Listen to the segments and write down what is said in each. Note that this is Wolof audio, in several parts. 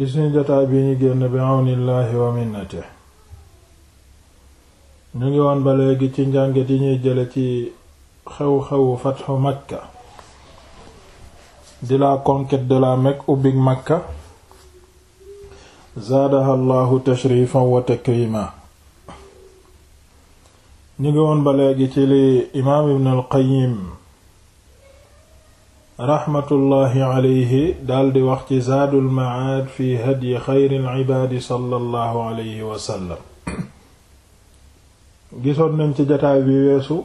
ci suñu jotaay bi ñu génn bi àwnillaahi wa minnate ñu ngi woon ba léegi ci njànget yi ñuy jële ci xew-xewu fatxu Makka di la conquête de la Mecque ubbig Makka zaadaha allahu tashrifan wa takrima ñu ngi woon ba léegi ci li imaam ibn qayyim raxmatullahi alayhi daldi wax ci zaadul macaad fi hadyi xayril cibaadi sallallahu alayhi wa gisoon nañ ci jataay bi weesu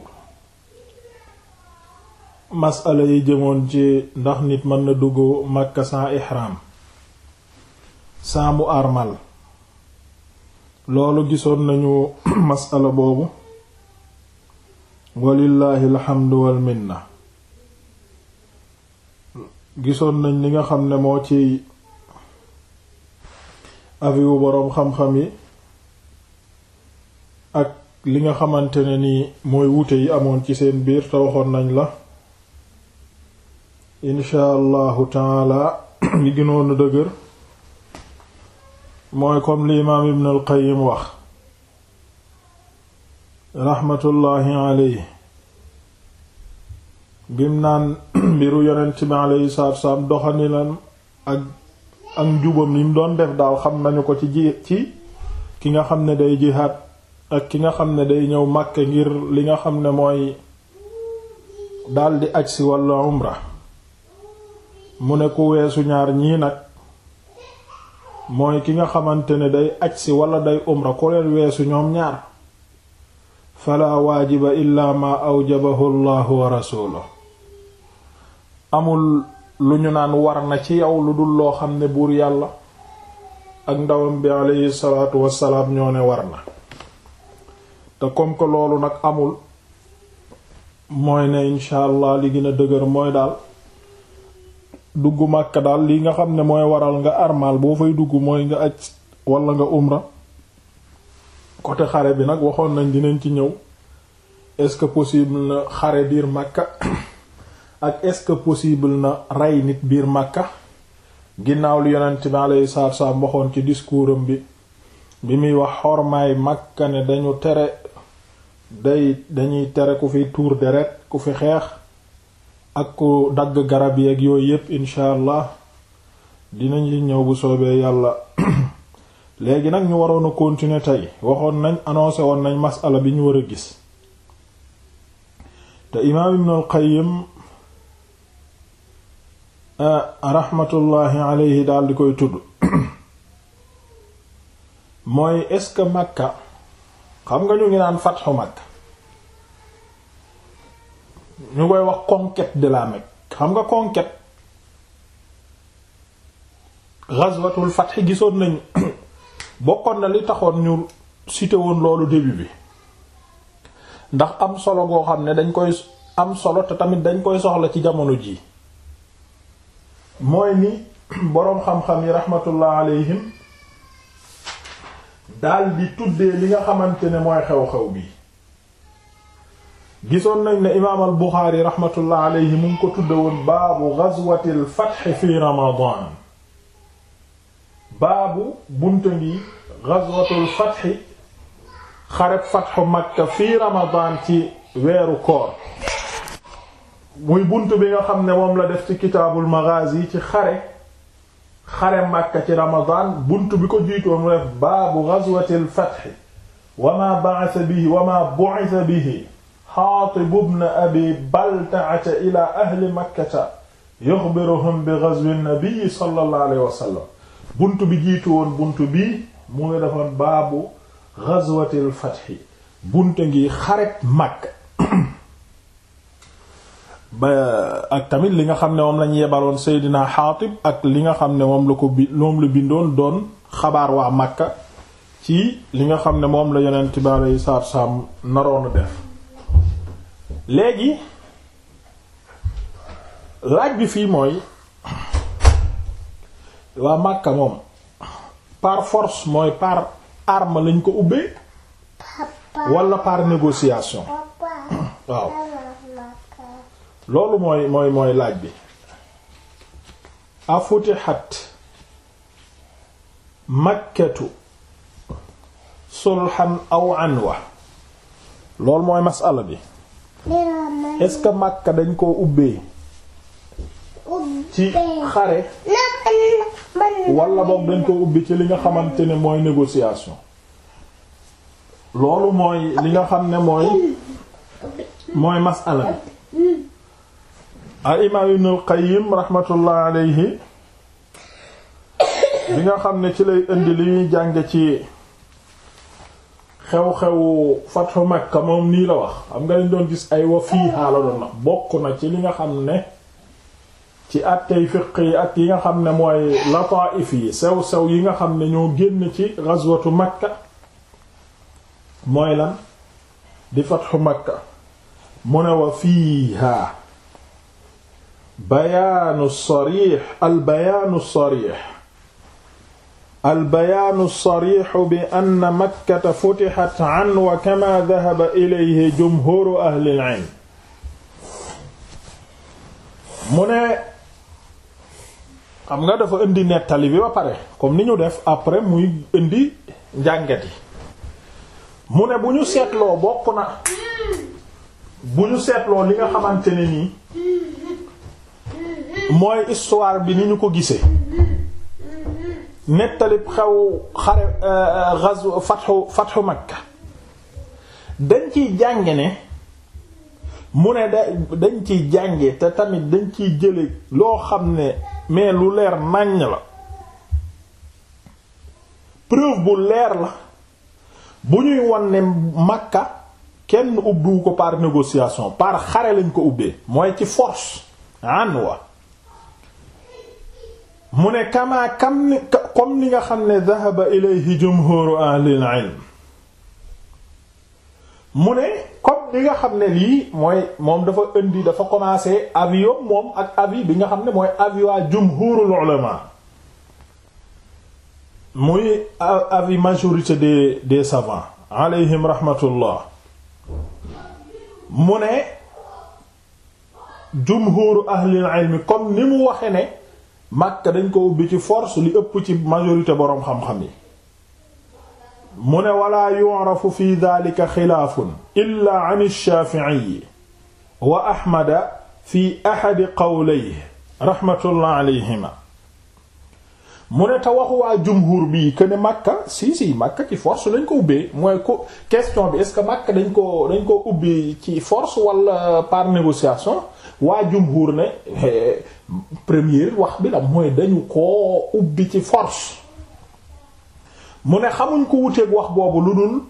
masala yi jëmoon ci ndax nit mën na dugg Makka sans ihraam sans armal loolu gisoon nañu masala boobu walillahi alhamdu wal minna gisoon nañ li nga xam ne moo ci aviwu boroom xam-xam yi ak li nga xamante ne nii mooy wuute yi amoon ci seen biir te waxoon nañ la insha allahu taala li gënoon dëgër mooy comme li imaam ibn al qayyim wax raxmatullaahi alayhi bim naan mbiru yonent bi alayhi salaatu wassalaam doxaninam la ak njubam yi mu doon def daal xam nañu ko ci ji ci ki nga xam ne day jihaad ak ki nga xam ne day ñëw Makka ngir li nga xam ne mooy daldi ajsi walla umra mu ne ku weesu ñaar ñii nag mooy ki nga xamante ne day ajsi walla day umra ku leen weesu ñoom ñaar fala waajiba illaa ma awjabahu allahu wa rasuluhu amul lu ñu naan war na ci yow lu dul loo xam ne buur yàlla ak ndawam bi aleyhi salaatu wassalaam ñoo ne war na te comme que loolu nag amul mooy ne incha allah li gën dëgër mooy daal dugg Makka daal lii nga xam ne mooy waral nga armal boo fay dugg mooy nga aj wala nga umra côté xare bi nag waxoon nañ dinañ ci ñëw est-ce que possible na xare biir Makka ak est-ce que possible na ray nit biir Makka ginnaaw li yonent bi alayhi salaatu wassalaam waxoon ci discours am bi muy wax xormaay Makka ne dañu tere day dañuy tere ku fi tuur deret ku fi xeex ak ku dagg garab yi ak yooyu yépp incha allah dinañ li ñëw bu soobee yàlla léegi nag ñu waroon a continuer tey waxoon nañ annoncé woon nañ masala bi ñu war a gis te imaam Ibnul Qayyim Eh, raxmatullaahi alayhi daal di koy tudd mooy est-ce que Makka xam nga ñu ngi naan fatxu Makka ñu koy wax conquête de la Mecque xam nga conquête ghazwatul fatx gisoon nañ bokkoon na li taxoon ñu cité woon loolu début bi ndax am solo goo xam ne dañ koy am solo te tamit dañ koy soxla ci jamono jii mooy ni boroom xam-xam yi rahmatullah alayhim daal di tuddee li nga xamante ne mooy xew-xew bi gisoon nañ ne imaam al Buxaari rahmatullah alayhi mu ngi ko tudde woon baabu gazwatil fatx fi ramadan baabu bunta ngi gazwatul fatx xareb fatxu Makka fi ramadan ci weeru koor muy bunt bi nga xam ne moom la def ci kitaabul maghazi ci xare xare Makka ci Ramadan bunt bi ko jiitoon mu def baabu ghazwatil fath wa ma ba'atha bihi wa ma bu'itha bihi Haatib ibn Abi Balta'a ila ahli Makkata yukhbiruhum bi ghazwi an-nabi sallallahu alayhi wa sallam bunt bi jiitu woon bunt bi mu ngi defoon baabu ghazwatil fath bunt ngi xare Makka ba ak tamit li nga xam ne moom lañu yebaloon Seydina Xaatib ak li nga xam ne moom la ko bi moom la bindoon doon xabaar waa Makka ci li nga xam ne moom la yeneen bi aleyhi salaatu salaam naroon a def léegi laaj bi fii mooy waa Makka moom par force mooy par arme lañ ko ubbee wala par négociation waaw loolu mooy mooy mooy laaj bi afutihat makkatu sulhan aw anwa loolu mooy masala bi est-ce que makka dañ koo ubbee ci xare wala boog dañ ko ubbi ci li nga xamante ne mooy négociation loolu mooy li nga xam ne mooy mooy masala bi a imaam ibn al qayyim rahmatullah alayhi bi nga xam ne ci lay indi li ñuy jànge ci xew xew fathu Makka moom nii la wax xam nga dañ doon gis ay wa fii xaala doon na bokk na ci li nga xam ne ci àttey fiq yi ak yi nga xam ne mooy lataif yi sew-sew yi nga xam ne ñoo génn ci ghazwatu Makka mooy lan di fathu Makka mu ne wa fiiha bayaanu sarix albayaanu sarix albayaanu sarixu bi ann makkata futixat an wa kama dahaba ilayhi jumhuru ahlil ilm mu ne xam nga dafa indi nettali bi ba pare comme ni ñu def après muy indi njàngat yi mu ne bu ñu seetloo bokk na bu ñu seetloo li nga xamante ne nii mooy histoire bi ni ñu ko gisee nettalib xew xare euh, ghazw fathu fathu Makka dañ ciy jànge ne mu ne da dañ ciy jànge te tamit dañ ciy jële loo xam ne mais lu leer nàññ la preuve bu leer la bu ñuy won ne Makka kenn ubbiwu ko par négociation par xare lañ ko ubbee mooy ci force anwa mu ne kamaa kam ni comme ni nga xam ne dhahaba ilayhi jumhuru ahlil ilm mu ne comme li nga xam ne lii mooy moom dafa indi dafa commencé avion moom ak avis bi nga xam ne mooy avis waa jumhurul ulama muy avis majorité des des savants alayhim rahmatullah mu ne jumhuru ahlil ilm comme ni mu waxe ne Makka dañ ko ubbi ci force li ëpp ci majorité boroom xam-xam yi mu ne wala yu'rafu fi dhalika xilaafun illa an ash-Shafi'i wa fi ahadi qawlayhi rahmatullah alayhima mu ne te waxu waa jumhur bi que ne Makka si si Makka ci force lañ ko ubbee mooy ko question bi est-ce que Makka dañ ko dañ ko ubbi ci force wala par négociation waa jumhur ne eh, premier wax bi la mooy dañu koo ubbi ci force mu ne xamuñ ko wuteeg wax boobu lu dul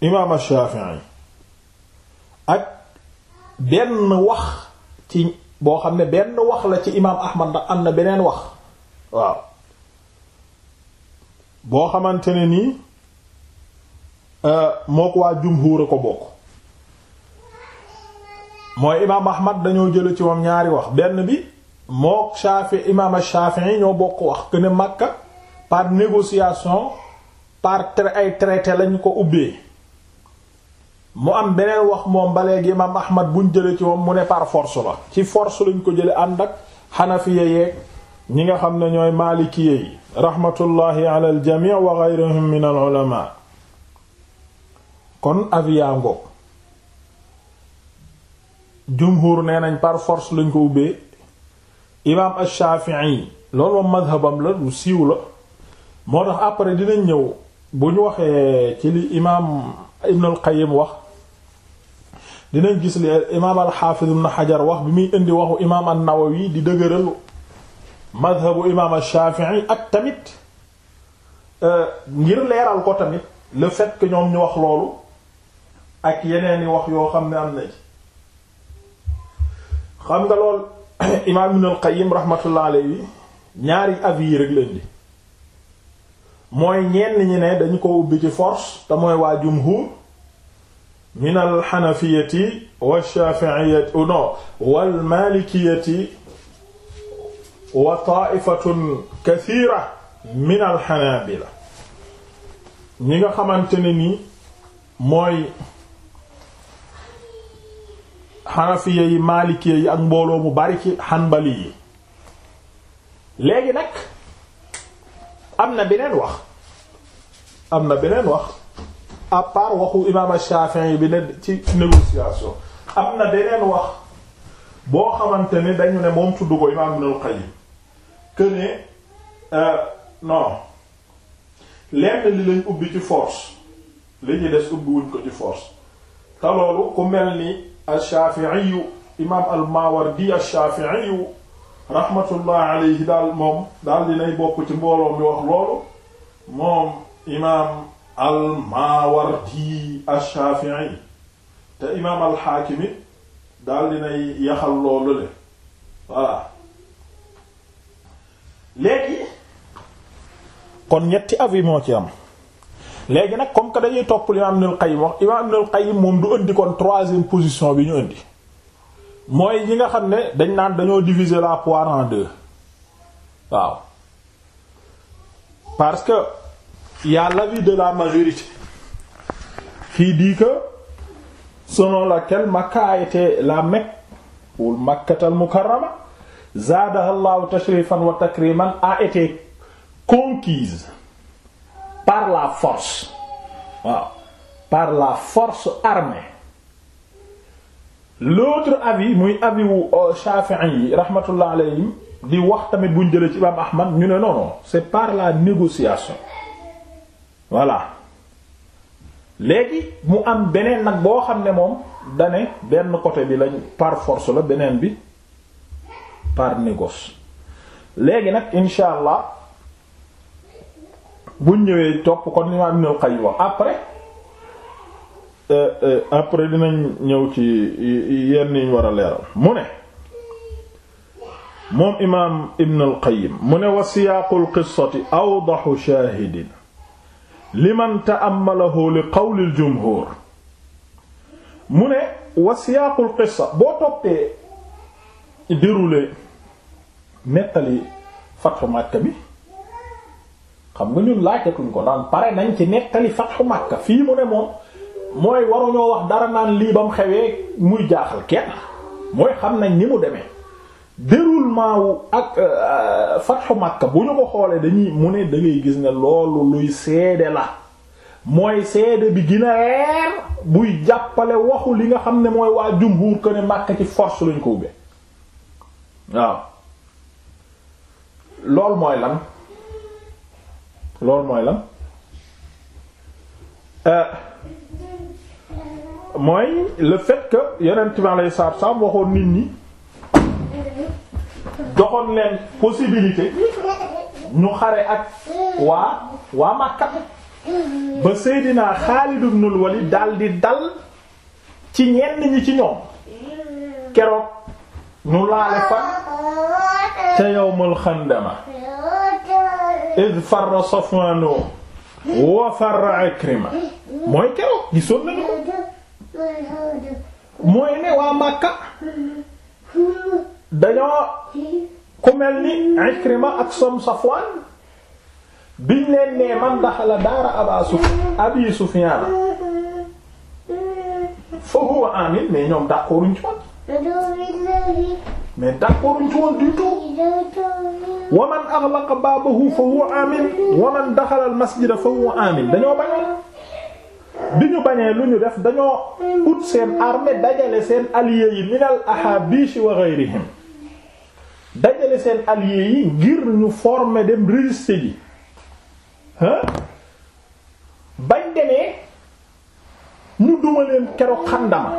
imaam Shafi'i ak benn wax ci boo xam ne benn wax la ci imaam Ahmad ndax am na beneen wax waaw boo xamante ne nii eh, moo ko waa jumhur a ko bokk mooy imaam ahmad dañoo jële ci moom ñaari wax benn bi mook Shafi imaam Shafi'i ñoo bokk wax que ne par négociation par tra ay traité lañ ko ubbee mu am beneen wax moom ba léegi imaam ahmad buñ jële ci moom mu ne par force la ci force lañ ko jële ànd ak xanafiya yeeg ñi nga xam ne ñooy maalikiye yi rahmatullahi ala al jami' wa ghayrihim min al ulama kon aviango jumhur nee nañ par force lañ ko ubbee imaam ash-Shafi'i loolu moom madhabam la lu siiw la moo tax après dinañ ñëw bu ñu waxee ci li imaam Ibn al-Qayyim wax dinañ gis li imaam al-Hafiz Ibn Hajar wax bi muy indi waxu imaam an-Nawawi di dëgëral madhabu imaam ash-Shafi'i ak tamit euh, ngir leeral ko tamit le fait ñoom ñu wax loolu ak yeneen i wax yoo xam ne am na ci xam nga lool imaam Ibn al-Qayyim rahmatullah alayhi ñaari avis yi rek leen di mooy ñenn ñi ne dañu ko ubbi ci force te mooy waa jumhur min alxanafiyati walshaafiiyati oh no walmalikiyati wa taifatun kathira min alxanabila ñi nga xamante ne ni mooy xanafiya yi maalikiya yi ak mbooloo mu bari ci xanbali yi léegi nag am na beneen wax am na beneen wax à part waxu imaam Shafi'i bi ne ci négociation am na beneen wax boo xamante ni dañu ne moom tudd ko imaam Ibn al-Qayyim que ne euh, non lenn li lañ ubbi ci force li ñu des ubbiwuñ ko ci force te ku mel ni. ash-Shafi'i imaam al-Mawardi ash-Shafi'i rahmatullah alayhi daal moom daal dinay bokk ci mbooloo mi wax loolu moom imaam al-Mawardi ash-Shafi'i te imaam al-Hakim it dinay yaxal loolu le voilà léegi kon ñetti avis moo ci am léegi nag comme que dañuy topp li imaam Ibnul Qayyim wax imaam Ibnul moom du indi kon troisième position bi ñu indi mooy ñi nga xam ne dañ naan dañoo diviser la poire en waaw parce que yàlla a de la majorité qui dit que selon laquelle Makka a été la Mecque ou Makkatal Mukarrama zaadahallahu tashrifan wa takriman a été conquise par la force waaw par la force armée l'autre avis muy avis wu euh, Shafi'i yi rahmatullah alayhim di wax tamit buñ jëlee ci imam Ahmad ñu ne non non c'est par la négociation voilà léegi mu am beneen nag boo xam ne moom dane benn côté bi lañ par force la beneen bi par négoce léegi nag incha allah bu ñëwee topp kon imaam Ibn al-Qayyim après euh, euh, après dinañ ñëw ci yenn yi war a leeral mu ne moom imaam Ibn al-Qayyim mu ne wa siyaaqul qissati awdahu shaahidin liman ta'ammalahu li qawlil jumhuur mu ne wa siyaaqul qissa boo toppee déroulé nettali fathu Makka bi xam nga ñun laajatuñ ko daan pare nañ ci nettali fatxu Makka fii mu ne moom mooy waruñoo wax dara naan lii ba mu xewee muy jaaxal kenn mooy xam nañ ni mu demee déroulement wu ak euh, fatxu Makka bu ñu ko xoolee dañuy mu ne da gis ne loolu luy seede la mooy seede bi gën reer buy jàppale waxu li nga xam ne mooy waa jumhuur ko ne Makka ci force lañ ko ubbee waaw loolu mooy lan. loolu mooy la euh, mooy la fait que yonent bi alayhi salaatu salaam waxoon nit ñi joxoon leen possibilité ñu xare ak waa waa Makka ba Seydina Xaalid ibnul Walid dal di dal ci ñenn ñi ci ñoom keroog ñu laale fa ca yawmul xandama id farra Safwaanu wa farra Ikrima mooy keroog gisoon nañu ko mooy ne waa Makka dañoo ku mel ni ak som Safwaan biñ leen nee man daxala aba suf abi Sufyaan fa huwa amin mais ñoom d'accorduñ ci mais d'accord ñu ci woon du tout wa man fa huwa amin wa man masjida fa huwa amin dañoo bañoon bi ñu bañee lu ñu def dañoo ut seen armée dajale seen allié yi min al ahabish wa ghayrihim dajale seen allié yi ngir ñu forme dem résister ji hein bañ demee ñu duma leen keroog xandama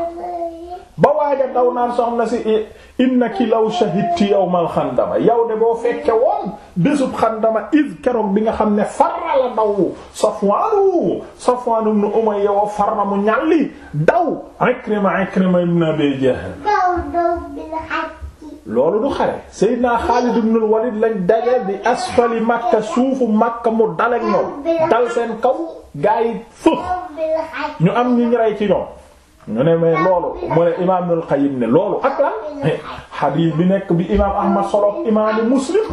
ba waaja daw naan soxna si eh, innaki law shahidti yawmal xandama yow de boo fekke woon bésub xandama id keroog bi nga xam ne farra la daw Safwaanu Safwaanu ibn Umayya wa farra mu ñàlli daw Ikrima Ikrima ibn Abi Jahl loolu du xare Seydina Xaalid ibn al-Walid lañ daje di asfali Makka suufu Makka mu dal ak dal seen kaw gaa yi fëx ñu am ñu ñu rey ci ñoom ñu ne mais loolu mu imaam Ibnul loolu ak la xadiis bi nekk bi imaam Ahmad solof imaam Muslim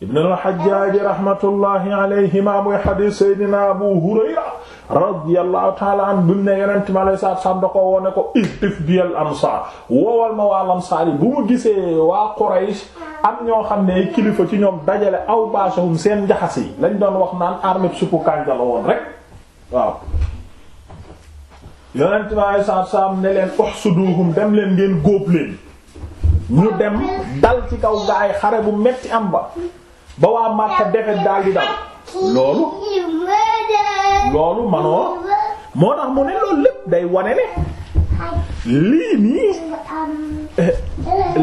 ibnul Hajjaaj rahmatullahi alayhima muy xadiis Seydina Abu Hurayra radiyallahu taala an bi mu ne yonent ko woo ne ko istif biyal ansaar woowal ma mu gisee waa Quraysh am ñoo xam ne kilifa ci ñoom dajale aw baasahum seen njaxas yi lañ doon wax naan armée suppu kànja la rek yonent bi alei salaatu salaam ne leen uhsuduhum dem leen ngeen góob leen ñu dem dal ci kaw gaay xare bu metti am ba ba waa Makka defet daal di dal loolu loolu manoo moo tax mu ne loolu lépp day wane ne lii nii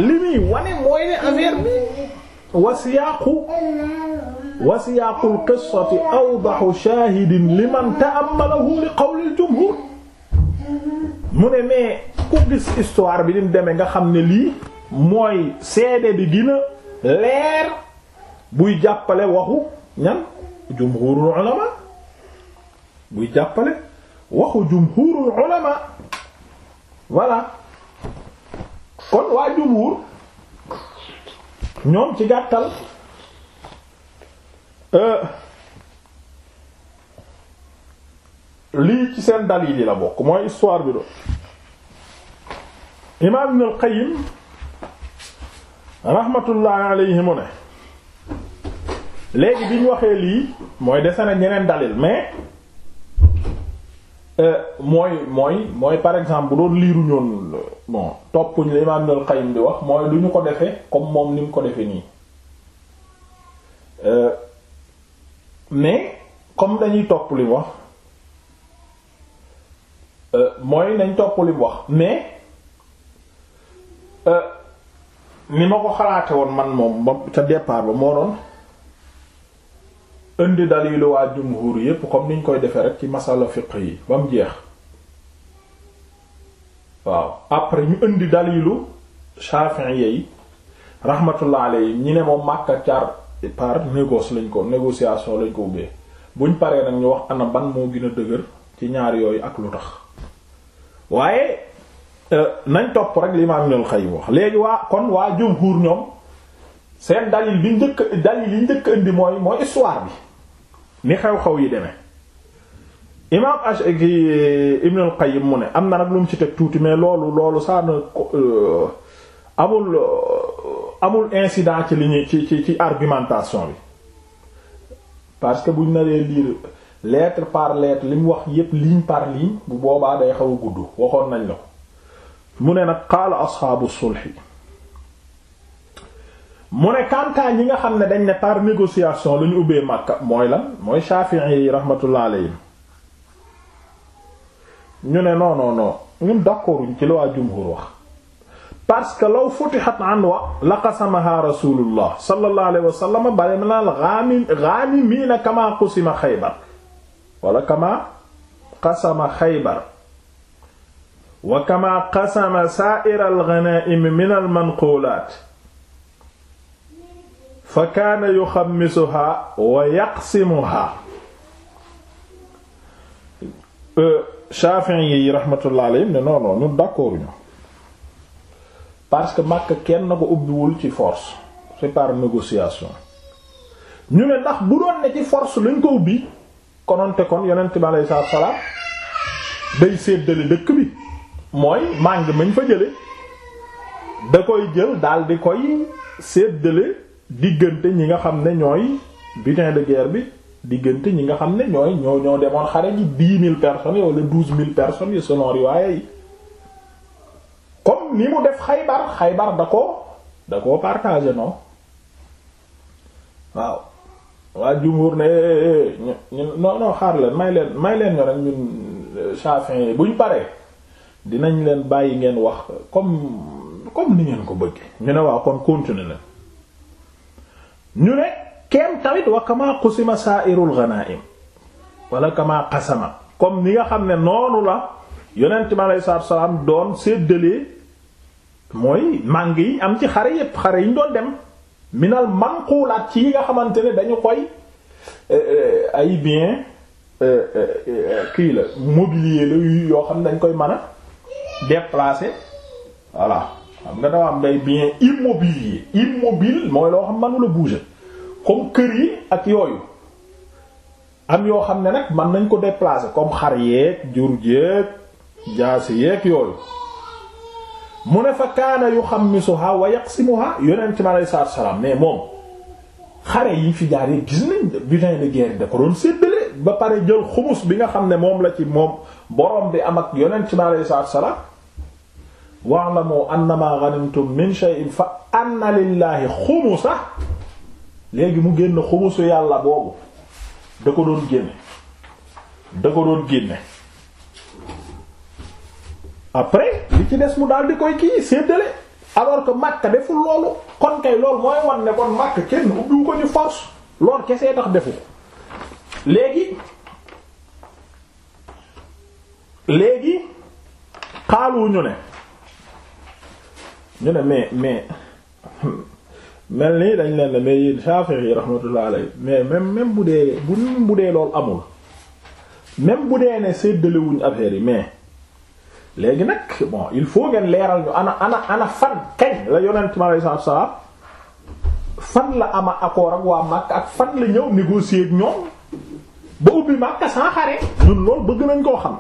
li muy wane mooy ne affaire bi wasiyaaqu wasiyaaqul qissati awdahu shaahidin liman ta'ammalahu li qawlil jumhur mu ne mais ku gis histoire bi ni mu demee nga xam ne lii mooy seede bi gën a leer buy jàppale waxu ñan jumhurul ulama buy jàppale waxu jumhurul ulama voilà kon waa jumhur ñoom ci gàttal euh, lii ci seen dalil yi la bokk mooy histoire bi do imaam Ibn al-Qayyim rahmatullahi alayhi mu ne léegi bi ñu waxee lii mooy dese na ñeneen dalil mais euh, mooy mooy mooy par exemple bu doon liiru ñoon bon toppuñ la imaam Ibn di wax mooy du ñu ko defe comme moom ni mu ko defee nii euh, mais comme dañuy topp li wax Euh, mooy nañ topp li mu wax mais euh, ni ma ko xalaate woon man moom ba ca départ ba moo doon indi dalilu waa jumhur yépp comme niñ koy defee rek ci masala fiqh yi ba mu jeex waaw après ñu indi dalilu Shafi'i yi rahmatullah alayhi ñi ne moom Makka car par négoce lañ ko négociation lañ ko ubbee buñ paree nag ñu wax ana ban moo gën a dëgër ci ñaar yooyu ak lu tax waaye euh, nañ topp rek li imaam Ibnul Qayyim wax léegi waa kon waa jumhuur ñoom seen dalil bi njëkk dalil yi njëkk indi mooy mooy histoire bi ni xew-xew yi demee imaam Ash Ibnul Qayyim mu ne am na nag lu mu ci teg tuuti mais loolu loolu saa na euh, amul euh, amul incident ci li ñuy ci ci ci argumentation bi parce que buñ naree lire lettre par lettre li wax yépp ligne par ligne bu boobaa day xaw gudd waxoon nañ la ko mu ne nag qaala asxaabu sulhi mu ne kantaa ñi nga xam ne dañ ne par négociation lu ñu ubbee Makka mooy lan mooy Shafi'i yi ñu ne non non non ñun ci la waa jumhur wax parce que law futihat anwa laqasamaha rasulullah sallallahu alayhi wa sallam bari na al ghanim ghanimina kama qusima Khaybar wala kama qasama xaybar wa kama qasama saa'ir al min al-manquulaat fa kaana yuxammisuhaa wa yaqsimuhaa euh, Shafi'i yi rahmatullahi alayhim ne non non ñun parce que Makka kenn ko ubbiwul ci force c'est par négociation ñu ne ndax bu doon ne ci force lañ ko ubbi kononte kon yonent bi alayhi salaatu salaam day séddale dëkk bi mooy màng mañ fa jële da koy jël daal di koy séddale diggante ñi nga xam ne ñooy butin de guerre bi diggante ñi nga xam ne ñooy ñoo ñoo demoon xare ji dix mille personnes wala douze mille personnes yi selon riwaaya yi comme ni mu def xaybar xaybar da ko da ko partagé non waaw waa jumhur ne non non xaar leen may leen may leen ñoo rek ñun Shafi'i euh, buñ paree dinañ leen bàyyi ngeen wax comme comme ni ngeen ko bëgg ñu ne waaw kon continuer leen ñu ne kenn tamit wa kama qusima sa'irul ghanaim wala kama qasama comme ni nga xam ne noonu la yonent mi aleyhi salaatu salaam doon séddalee mooy màng yi am ci xare yépp xare yi ñu doon dem minal manquulaat ci yi nga xamante ne dañu koy eh, eh, ay bien eh, kii la mobilier la yoo xam ne dañ koy mën a déplacer voilà xam nga dafa am day bien immobilier immobile mooy loo xam mënula bouger comme kër yi ak yooyu am yoo xam ne nag mën nañ ko déplacer comme xar yeeg jur jeeg jaasi yeeg yooyu mu ne fa kaana yuxammisuha wa yaqsimuha yonent mi alayhi salaatu wa salaam mais moom xare yi fi jaar yi gis nañ butin de guerre da ko doon séddale ba pare jël xumus bi nga xam ne moom la ci moom borom bi am ak yonent mi alayhi salaatu wa salaam wa'lamu annama ghanimtum min shay'in fa anna lillahi xumusa léegi mu génn xumusu yàlla boobu da ko doon génne da ko doon génne après li ci des mu daal di koy kii séddale ko que Makka deful loolu kon kay loolu mooy wan ne kon Makka kenn ubbiwu ko ci force loolu kese tax defu ko léegi léegi xaalu ñu ne ñu ne mais mais mel nii dañ leen ne mais yéen Shafi'i rahmatullah alayhi mais même même bu dee bu bu dee loolu amul même bu dee ne séddalewuñ affaire yi mais. léegi nag bon il faut ngeen leeral ñu ana ana ana fan kañ la yonent mi alayhi salaatu salaam fan la ama accord ak waa Makka ak fan la ñëw négocier ak ñoom ba ubbi Makka sans xare ñun loolu bëgg nañ koo xam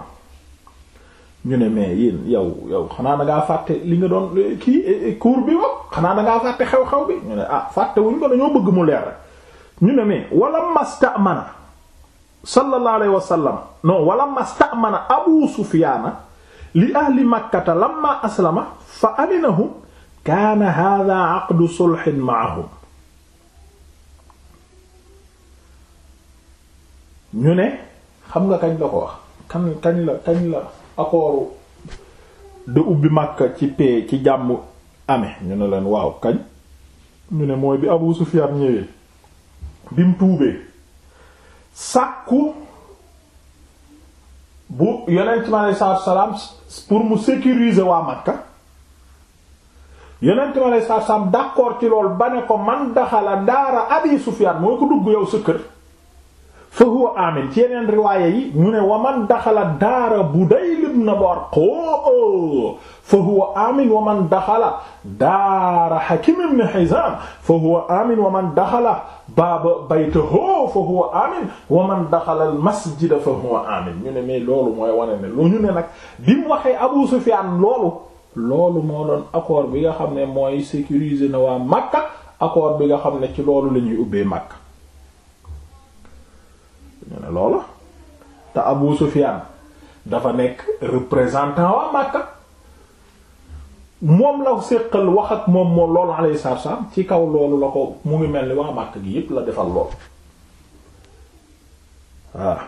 ñu ne mais yéen yow yow xanaa da ngaa fàtte li nga doon eh, kii eh, eh, cours bi wax xanaa da ngaa fàtte xew-xew bi ñu ne ah fàtte wuñ ko dañoo bëgg mu leer rek ñu ne mais wala mastamana sallallahu alayhi wa sallam non wala mastamana Abu Sufyaan li ahli makkata lamma aslama fa aminahum kaana hada aqdu sulhin maahum ñu ne xam nga kañ la ko wax kan la kañ la ubbi Makka ci paix ci jàmm amee ñu ne leen waaw kañ ñu ne mooy bi Abu Sufyan ñëwee bi mu tuubee sàkku bu yeneen mi aleyhi salaatu salaam pour mu sécuriser waa Makka yeneen mi aleyhi salaatu salaam d'accord ci lool ba ne ko man daxala daara Abi Sufyaan moo ko dugg yow sa kër fa huwa amin ci yeneen riwaaya yi mu ne wa man daxala daara Budayl ibn Barqo fa huwa amin wa man daxal daara Hakim ibn Hizam fa huwa amin wa man daxala baaba baytahu fa huwa amin wa man daxal al-masjida fa huwa amin ñu ne mais loolu mooy wane ne lu ñu ne nag bi mu waxee Abu Sufyaan loolu loolu moo doon accord bi nga xam ne mooy sécuriser na waa Makka accord bi nga xam ne ci loolu la ñuy ubbee Makka ñu ne loolu te Abu Sufyan dafa nekk représentant waa Makka moom la séqal wax ak moom moom loolu alayhi salaam ci kaw loolu la ko mu ngi mel ni waa Makka gi yépp la defal lool waaw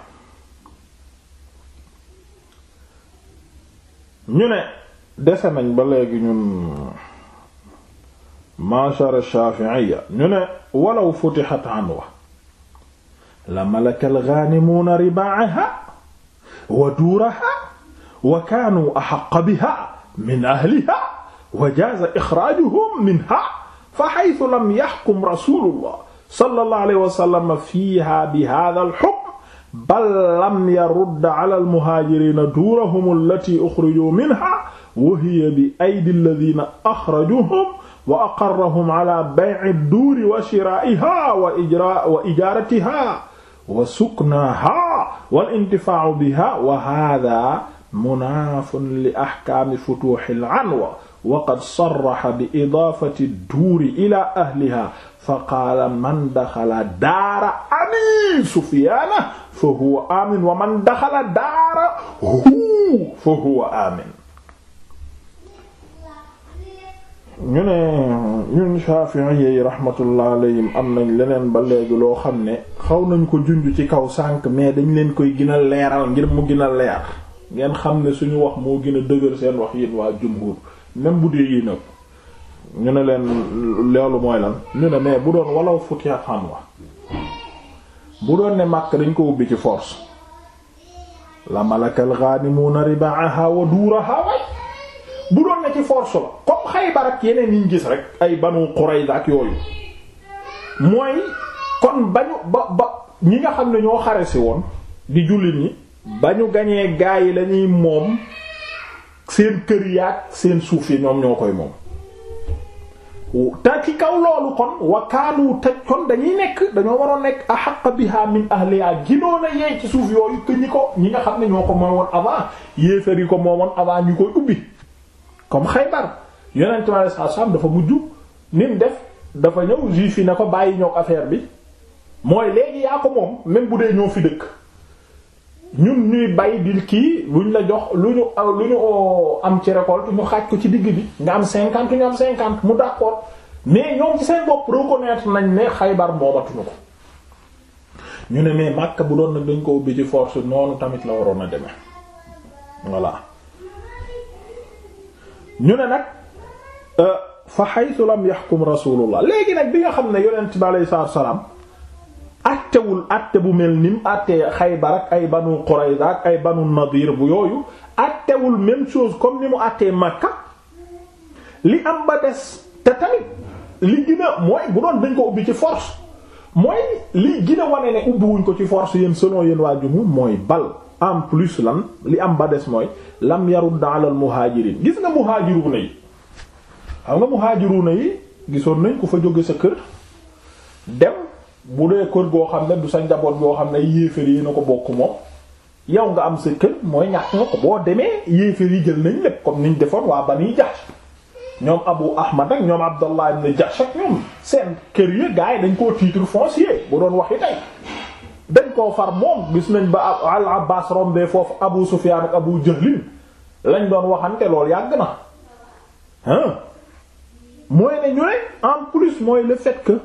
ñu ne dese nañ ba léegi ñun mashar Shafi'iyya ñu ne walaw futihat anwa la malaka algaanimuuna ribaaha wa duuraha wa kaanu axaqa biha min ahliha wa jaaza ixraajuhum minha fa xaytu lam yaxkum rasulullah sallallahu alayhi wa sallam fiiha bi haadha al-hukm bal lam yarud ala al-muhaajiriina duurahum allatii uxrijuu minha wa hiya bi aydi allaziina axrajuuhum wa aqarrahum ala bay'i ad-duuri wa shiraa'ihaa wa ijaaratihaa wa suknaha wal intifaa'u biha wa hadha munaafun li ahkaami futuuhil anwa wa qad sarraha bi idaafati duuri ila ahliha fa qaala man daxala daara abi sufyaana fa huwa aamin wa man daxala daara hu fa huwa aamin ñu ne ñun Shafi'i yi rahmatullah alayhim am nañ leneen ba léegi loo xam ne xaw nañ ko junj ci kaw sànq mais dañ leen koy gën a leeral ngir mu gën a leer ngeen xam ne suñu wax moo gën a dëgër seen wax yéen waa jumhur même bu dee yii nag ñu ne leen loolu mooy lan ñu ne mais bu doon walaw futihat Hanwa bu doon ne Makka dañ ko ubbi ci force la malakal ghanimuna ribaaha wa duuraha bu doon ne ci force la comme Xaybar yeneen yi ñu gis rek ay Banu Qurayza ak yooyu mooy kon bañu ba ba ñi nga xam ne ñoo xare si woon di jullit ñi ba ñu gañee gaa yi lañuy moom seen kër yaag seen suuf yi ñoom ñoo koy moom te ci kaw loolu kon wakaanu taj kon dañuy nekk dañoo waroon nekk a xaq biha min ahliha ginoon a ci suuf yooyu que ñi ko ñi nga xam ne ñoo ko mooy woon avant yéefar yi ko moomoon avant ñu koy ubbi comme Xaybar yonent mi alayhi salaatu salaam dafa mujj ni def dafa ñëw juif yi na ko bàyyi ñoo affaire bi mooy léegi yaa ko moom même bu dee ñoo fi dëkk ñun ñuy bay dil kii luñ la jox lu ñu lu ñu euh, am ci récolte ñu xaaj ko ci digg bi nga am cinquante ñu am cinquante mu d'accord mais ñoom ci seen bopp reconnaître nañ ne Xaybar moomatuñu ko ñu ne mais Makka bu doon na dañ ko ubbi ci force noonu tamit la waroon a demee voilà ñu ne nag euh, fa haythu lam yahkum rasulullah léegi nag bi nga xam ne yonent bi alayhi salaatu salaam attewul atte bu mel nim atte Xaybar ay banu Qurayza ak ay banu Nadir bu yooyu attewul même chose comme ni mu attee Makka li am ba des te tamit li gën mooy bu doon dañ ko ubbi ci force mooy li gën a wane ne ubbiwuñ ko ci force yéen selon yéen waa jumhur mooy bal en plus lan li am ba des mooy lam yarud ala al muhajirin gis nga muhajiruna yi xam nga muhajiruna yi gisoon nañ ku fa jóge sa kër dem bu dee kër goo xam ne du sa njaboot goo xam ne yéeféer yi na ko bokk moom yow nga am sa kër mooy ñàkk nga ko boo demee yéeféer yi jël nañ lépp comme niñ defoon waa Bani Jahsh ñoom Abu Ahmad ak ñoom Abdallah ibn Jahsh ak seen kër yi gars yi dañ koo titre foncier bu doon waxi tey dañ koo far moom gis nañ ba al abbas rombe foofu abu sufyan ak abu jahlin lañ doon waxante lool yàgg na hein mooy ne ñu ne en plus mooy le fait que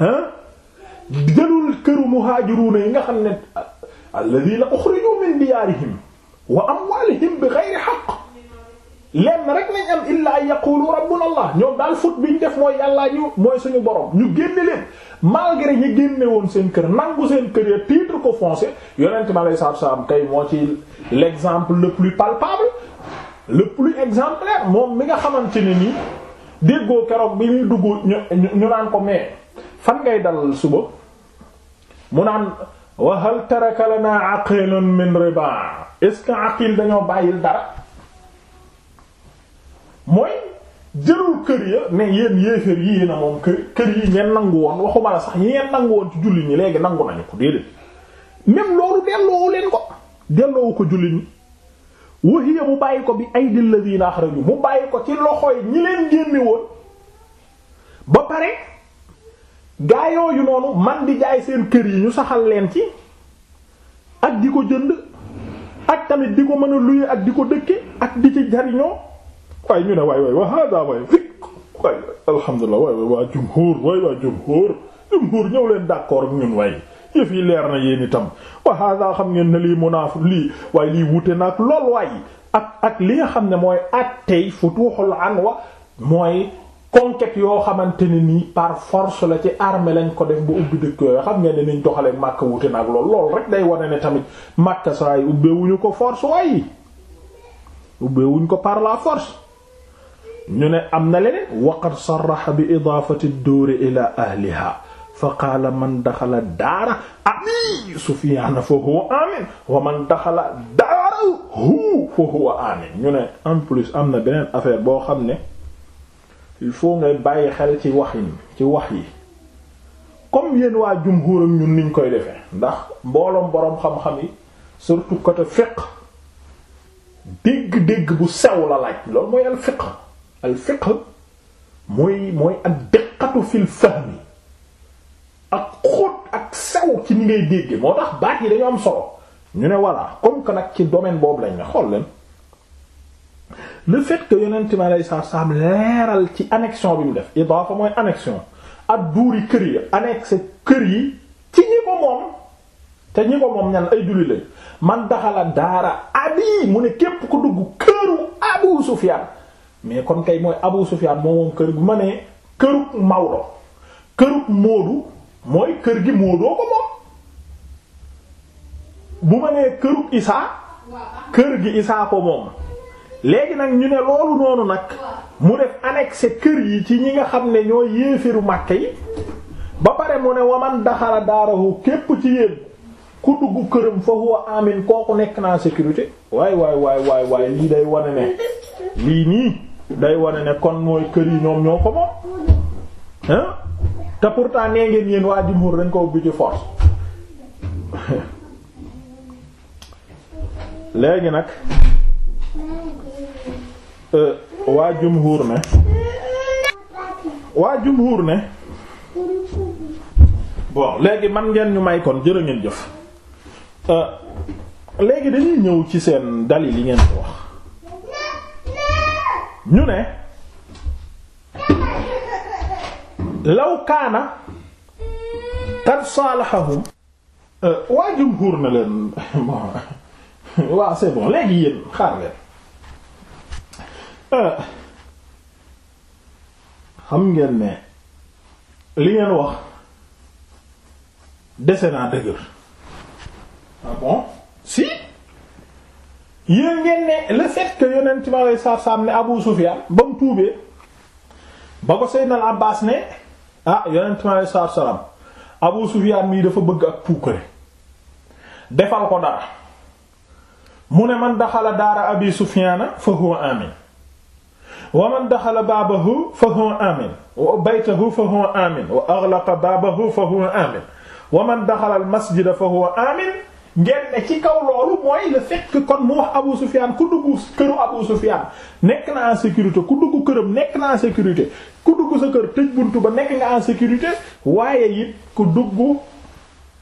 hein jëlul këru muhaajiruuna yi nga xam ne alladhina ukhriju min diyaarihim wa amwaalihim bi ghayri haqq lenn rek nañ am illa ay yaqulu rabbuna ñoom daal fut bi ñu def mooy yàllaa ñu mooy suñu borom ñu génne leen malgré ñi génne woon seen kër nangu seen kër ya titre ko foncé yonent ma lay saatu tey moo ci l'exemple le plus palpable le plus exemplaire moom mi nga xamante ne nii déggoo keroog bi ñuy dugg ñu naan ko mais fan ngay dal suba mu naan wa hal taraka lana aqilun min riba est ce que aqil dañoo bàyyil dara mooy jëlul kër ya ne yéen yéeféer yi yéen moom kër yi ngeen nangu woon waxuma la sax yi ngeen nangu woon ci julli ñi léegi nangu nañu ko déedéet même loolu delloowu leen ko delloowu ko julli ñi waxiya mu bàyyi ko bi ay aydil ladina axraju mu bàyyi ko ci loxoy ñi leen génne woon ba pare gaa yooyu noonu man di jaay seen kër yi ñu saxal leen ci ak di ko jënd ak tamit di ko mën a luye ak di ko dëkke ak di ci jariñoo waaye ñu ne waay waay wa hada waay fiq waay alhamdulilah waay waay waa jumhur waay jumhur jumhur ñëw leen d'accord ak ñun waay yëf yi leer na yéen itam wa hada xam ngeen ne lii munaaf lii waaye lii wute naa ak lool waay ak ak li nga xam ne mooy fu attey futuhul wa mooy conquête yoo xamante ni nii par force la ci armée lañ ko def bu ubbi dëkk yooyu xam ngeen ne niñ doxalee Makka wute na ak lool lool rek day wane ne tamit Makka saa yi ubbee wuñu ko force waay ubbee wuñ ko par la force. ñu ne am na leneen waqad sarraxa bi idaafati dóori ila ahliha fa qaala man daxala daara abi sufiaana fa huwa amin wa man daxala daara hu fa huwa amin ñu ne en plus am na beneen affaire boo xam ne il faut ngay bàyyi xel ci wax yi ci wax yi comme yéen waa jumhuuram ñun niñ koy defee ndax mbooloom boroom xam-xam yi surtout côté fiqh dégg bu sew la laaj loolu mooy al fiqh al fiqh mooy mooy ak diqatu fil ak xóot ak sew ci ni ngay dégge moo tax baat yi dañu am solo ñu ne voilà comme que nag ci domaine boobu lañ ne xool leen le fait que yonent mi alayhi salaatu salaam leeral ci annexion bi mu def idaafa mooy annexion ak duuri kër yi annexe kër yi ci ñi ko moom te ñi ko moom ñan ay julli lañ man daxala daara abi mu ne képp ko dugg këru Abu Sufyaan mais kon kay mooy Abu Sufyaan moo moom kër bu ma nee këru Mawdo kërug Moodu mooy kër gi Moodoo ko moom bu ma nee kërug Isaa kër gi Isaa ko moom léegi nag ñu ne loolu noonu nag mu def annexé kër yi ci ñi nga xam ne ñooy yéefiru Makka yi ba pare mu ne waman daxala daarahu képp ci ku dugg këram fa huwa amin kooku nekk naa sécurité waaye waay waay waay waay day wane ne lii nii day wane ne kon mooy kër yi ñoom ñoo ko moom te pourtant nee ngeen yéen waa jumhur dañ ko ubbi ci force léegi nag euh, waa jumhur ne waa jumhur ne bon léegi man ngeen ñu may kon jërë ngeen jëf euh, léegi dañuy ñëw ci seen dalil yi ngeen ko wax ñu ne law kaana qad saalahahum euh, waa jumhur na leen bon waaw bon léegi yéen xaar leen euh, xam ngeen ne li ngeen wax dese naa dëgër ah bon si yéen ngeen ne le fait que yonent salaam ne Abu Sufyaan ba mu tuubee ba ko Seydina Abbaas ne ah yonent mi salaam Abu Sufyaan mii dafa bëgg ak puukare defal ko dara mu ne man daxala daara Abi Sufyaana fa huwa aamin wa man daxala baabahu fa huwa aamin wa baytahu fa huwa aamin wa aghlaqa baabahu fa huwa aamin wa man daxala masjida fa huwa aamin ngeen ci kaw loolu mooy le fait kon mu wax Abu Sufyan ku dugg këru Abu Sufyan nekk na en sécurité ku dugg këram nekk na en sécurité ku dugg sa kër tëj buntu ba nekk nga en sécurité waaye yit ku dugg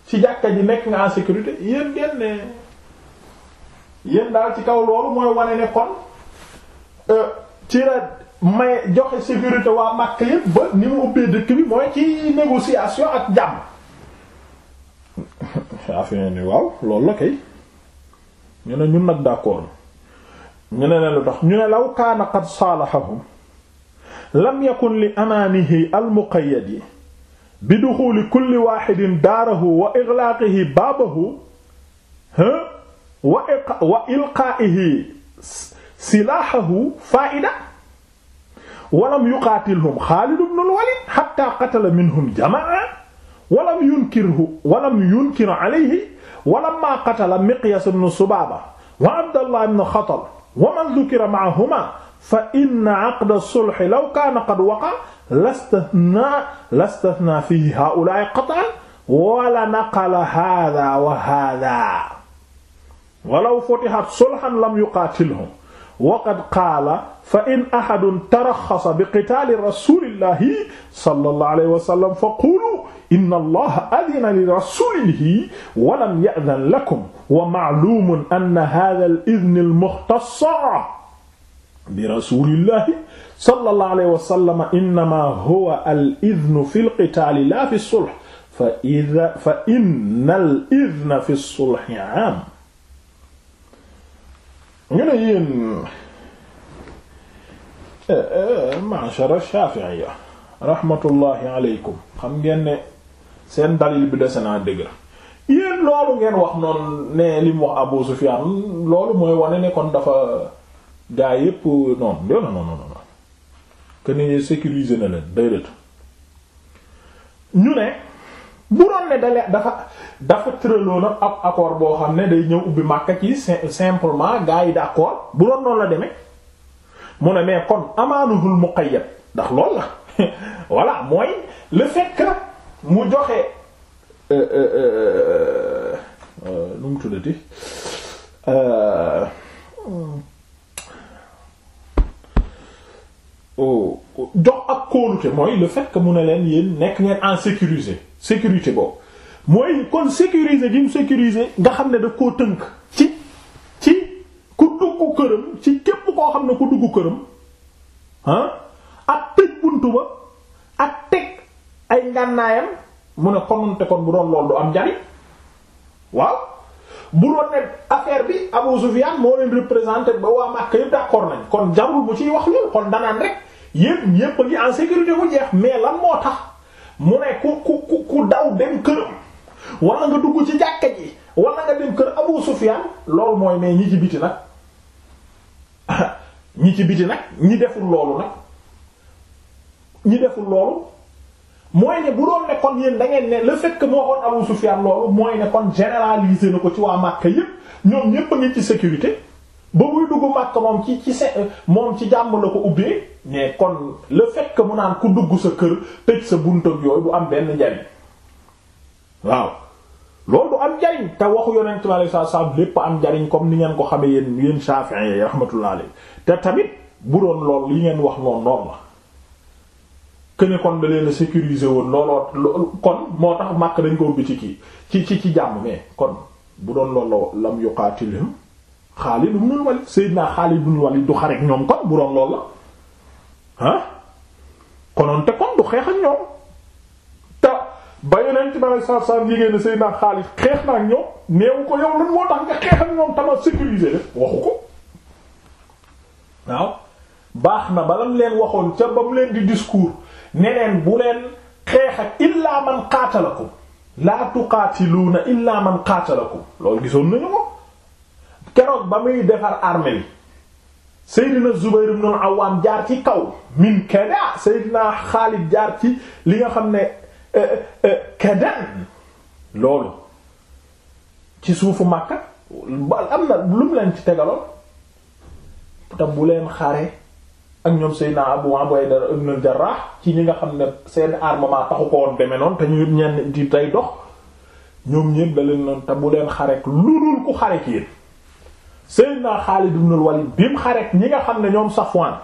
ci jàkka ji nekk nga en sécurité yéen ngeen ne daal ci kaw loolu mooy wane ne kon euh, ci la may joxe sécurité waa Makka yëpp ba ni mu ubbee dëkk bi mooy ci négociation ak jàmm. Shafi'i ni waaw loolu la kay ñu ne ñun nag d'accord ñu ne leen lu tax ñu ne law kaana qad saalahahum lam yakun li amaanihi almuqayyadi bi duxuli kulli waaxidin daarahu wa iglaaqihi baabahu wa wa ilqaa'ihi silaahahu faa'ida walam yuqaatilhum Xaalid ibn al-Waliid xatta qatala minhum jamaa walam yunkirhu walam yunkir alayhi walamma qatala miqyas ibn subaaba wa abdallah ibn xatal wa man dhukira ma'ahuma fa inna aqda sulh law kaana qad waqa lastahna lastahna fihi haa'ulaa'i qat'an wala naqala haadha wa haadha walaw futihat sulhan lam yuqaatilhum waqad qaala fa in ahadun taraxasa bi qitaali rasulillahi sallallahu alayhi wa sallam fa qulu inna allaha adina li rasulihi wa lam ya'dan lakum wa ma'lumun anna hadha al-idhn al-mukhtassa bi rasulillahi sallallahu alayhi wa sallam innama huwa al-idhn fi al-qitaali la fi as-sulh fa idha fa inna al-idhna fi as-sulhi 'aam ñu ne yéen eh, eh, ma'shara shafi'iyya rahmatullahi aleykum xam ngeen ne seen dalil bi dese naa dëgër yéen loolu ngeen wax noonu ne li wax Abu Sufyan loolu mooy wane ne kon dafa gaa yépp noonu non non non non que ni na leen day ñu ne. bu doon ne dalee dafa dafa tëraloon ab accord boo xam ne day ñëw ubbi Makka ci simplement gars yi d'accord bu doon noonu la demee mu ne mais kon amaanuhul muqayyad ndax loolu la voilà mooy le fait mu joxe euh, euh, euh, nu mu tuddati. jox oh. ak kóolute mooy le fekk mu ne leen yéen nekk ngeen en sécurité sécurité boobu mooy kon sécurisé gi mu sécuriser nga xam ne daf koo tënk ci ci ku dugg këram ci képp koo xam ne ku dugg këram ah ak tëj buntu ba ak teg ay ngànnaayam mu ne kononte kon bu doon lool du am njariñ waaw bu doon ne affaire bi Abu Sufyan moo leen représenté ba waa Makka yëpp d'accord nañ kon jarul bu ciy wax loolu kon danaan rek. yépp yëpp a ngi en sécurité bu jeex mais lan moo tax mu ne ku ku ku daw dem kër wala nga dugg ci jàkka ji wala nga dem kër Abu Sufyan loolu mooy mais ñi ci biti nag ñi ci biti nag ñi deful loolu nag ñi deful loolu mooy ne bu doon ne kon yéen da ngeen ne le fekk que moo xoon Abu Sufyan loolu mooy ne kon généraliser na ko ci waa Makka yépp ñoom ñépp a ngi ci sécurité ba muy dugg Makka moom ci ci moom ci jàmm la ko ubbee mais kon le fait mu naan ku dugg sa kër tëj sa buntu ak yooyu du am benn njariñ waaw loolu du am njariñ te waxu yonent bi alayhi salaam lépp am njariñ comme ni ngeen ko xamee yéen yéen Shafi'i yi rahmatullah alayhi te tamit bu doon lool li ngeen wax noonu noonu la këne kon da leen sécuriser woon looloo kon moo tax Makka dañ ko ubbi ci ci ci ci jàmm mais kon bu doon loolu lam yuqaatilhum Xaalid ibnul Walid Seydina Xaalid ibnul Walid du xareek ñoom kon bu doon lool la ah konoon te kon du xeex ak ñoom te ba yonent bi sallallahu alayhi wa sallam yéegee ne Seydina Xaalid xeex na ak ñoom neewu ko yow lan moo tax nga xeex ak ñoom tama sécuriser def waxu ko waaw baax na balam leen waxoon ca ba mu leen di discours ne leen bu leen xeex ak illaa man qaatalakum laa tuqaatiluuna illaa man qaatalakum loolu gisoon nañu keroog ba muy defar armée bi Seydina Zubayr ibn al jaar ci kaw min kada Seydina Xaalid jaar ci li nga xam ne eh, eh, kadan loolu ci suufu Makka ba am na lu mu leen ci tegaloon te bu leen xare ak ñoom Seydina Abu Ubayda ibn al-Jarrah ci ñi nga xam ne seen armement taxu ko woon demee noonu te ñu ñenn di day dox ñoom ñépp da leen noonu te bu leen xare lu dul ku xare ci Seydina Xaalid ibn Walid bi mu xareet ñi nga xam ne ñoom Safwaan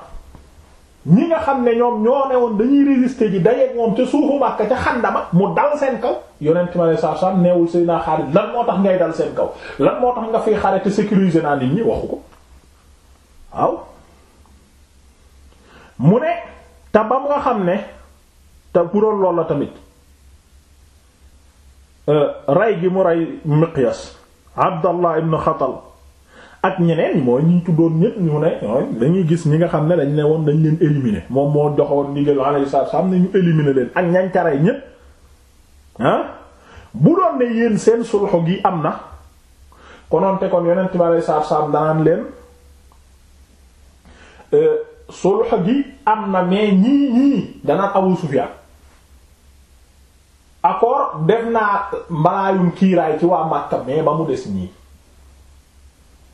ñi nga xam ne ñoom ñoo ne woon dañuy résister ji dajeeg moom ca suufu Makka ca xandama mu dal seen kaw yonent ma ne saa saa neewul Seydina Xaalid lan moo tax ngay dal seen kaw lan moo tax nga fiy xare te sécuriser naa nit ñi waxu ko waaw mu ne te ba mu nga xam ne te buroon lool la tamit euh, rey gi mu rey Miqyas Abdallah ibn Xatal ak ñeneen mooy ñu tuddoon ñëpp ñu ne dañuy gis ñi nga xam ne dañ ne woon dañ leen éliminer moom moo joxoon ndigal alayhi salaam ne ñu éliminer leen ak ñañcaray ñëpp ah ne yéen seen sulxu gi am na konoon te kon yonent bi alayhi leen euh, sulxu gi am na mais ñii ñii danaan Abu Sufyaan accord def naa mbalaayum kiiraay ci waa Makka mais ba mu des ñii.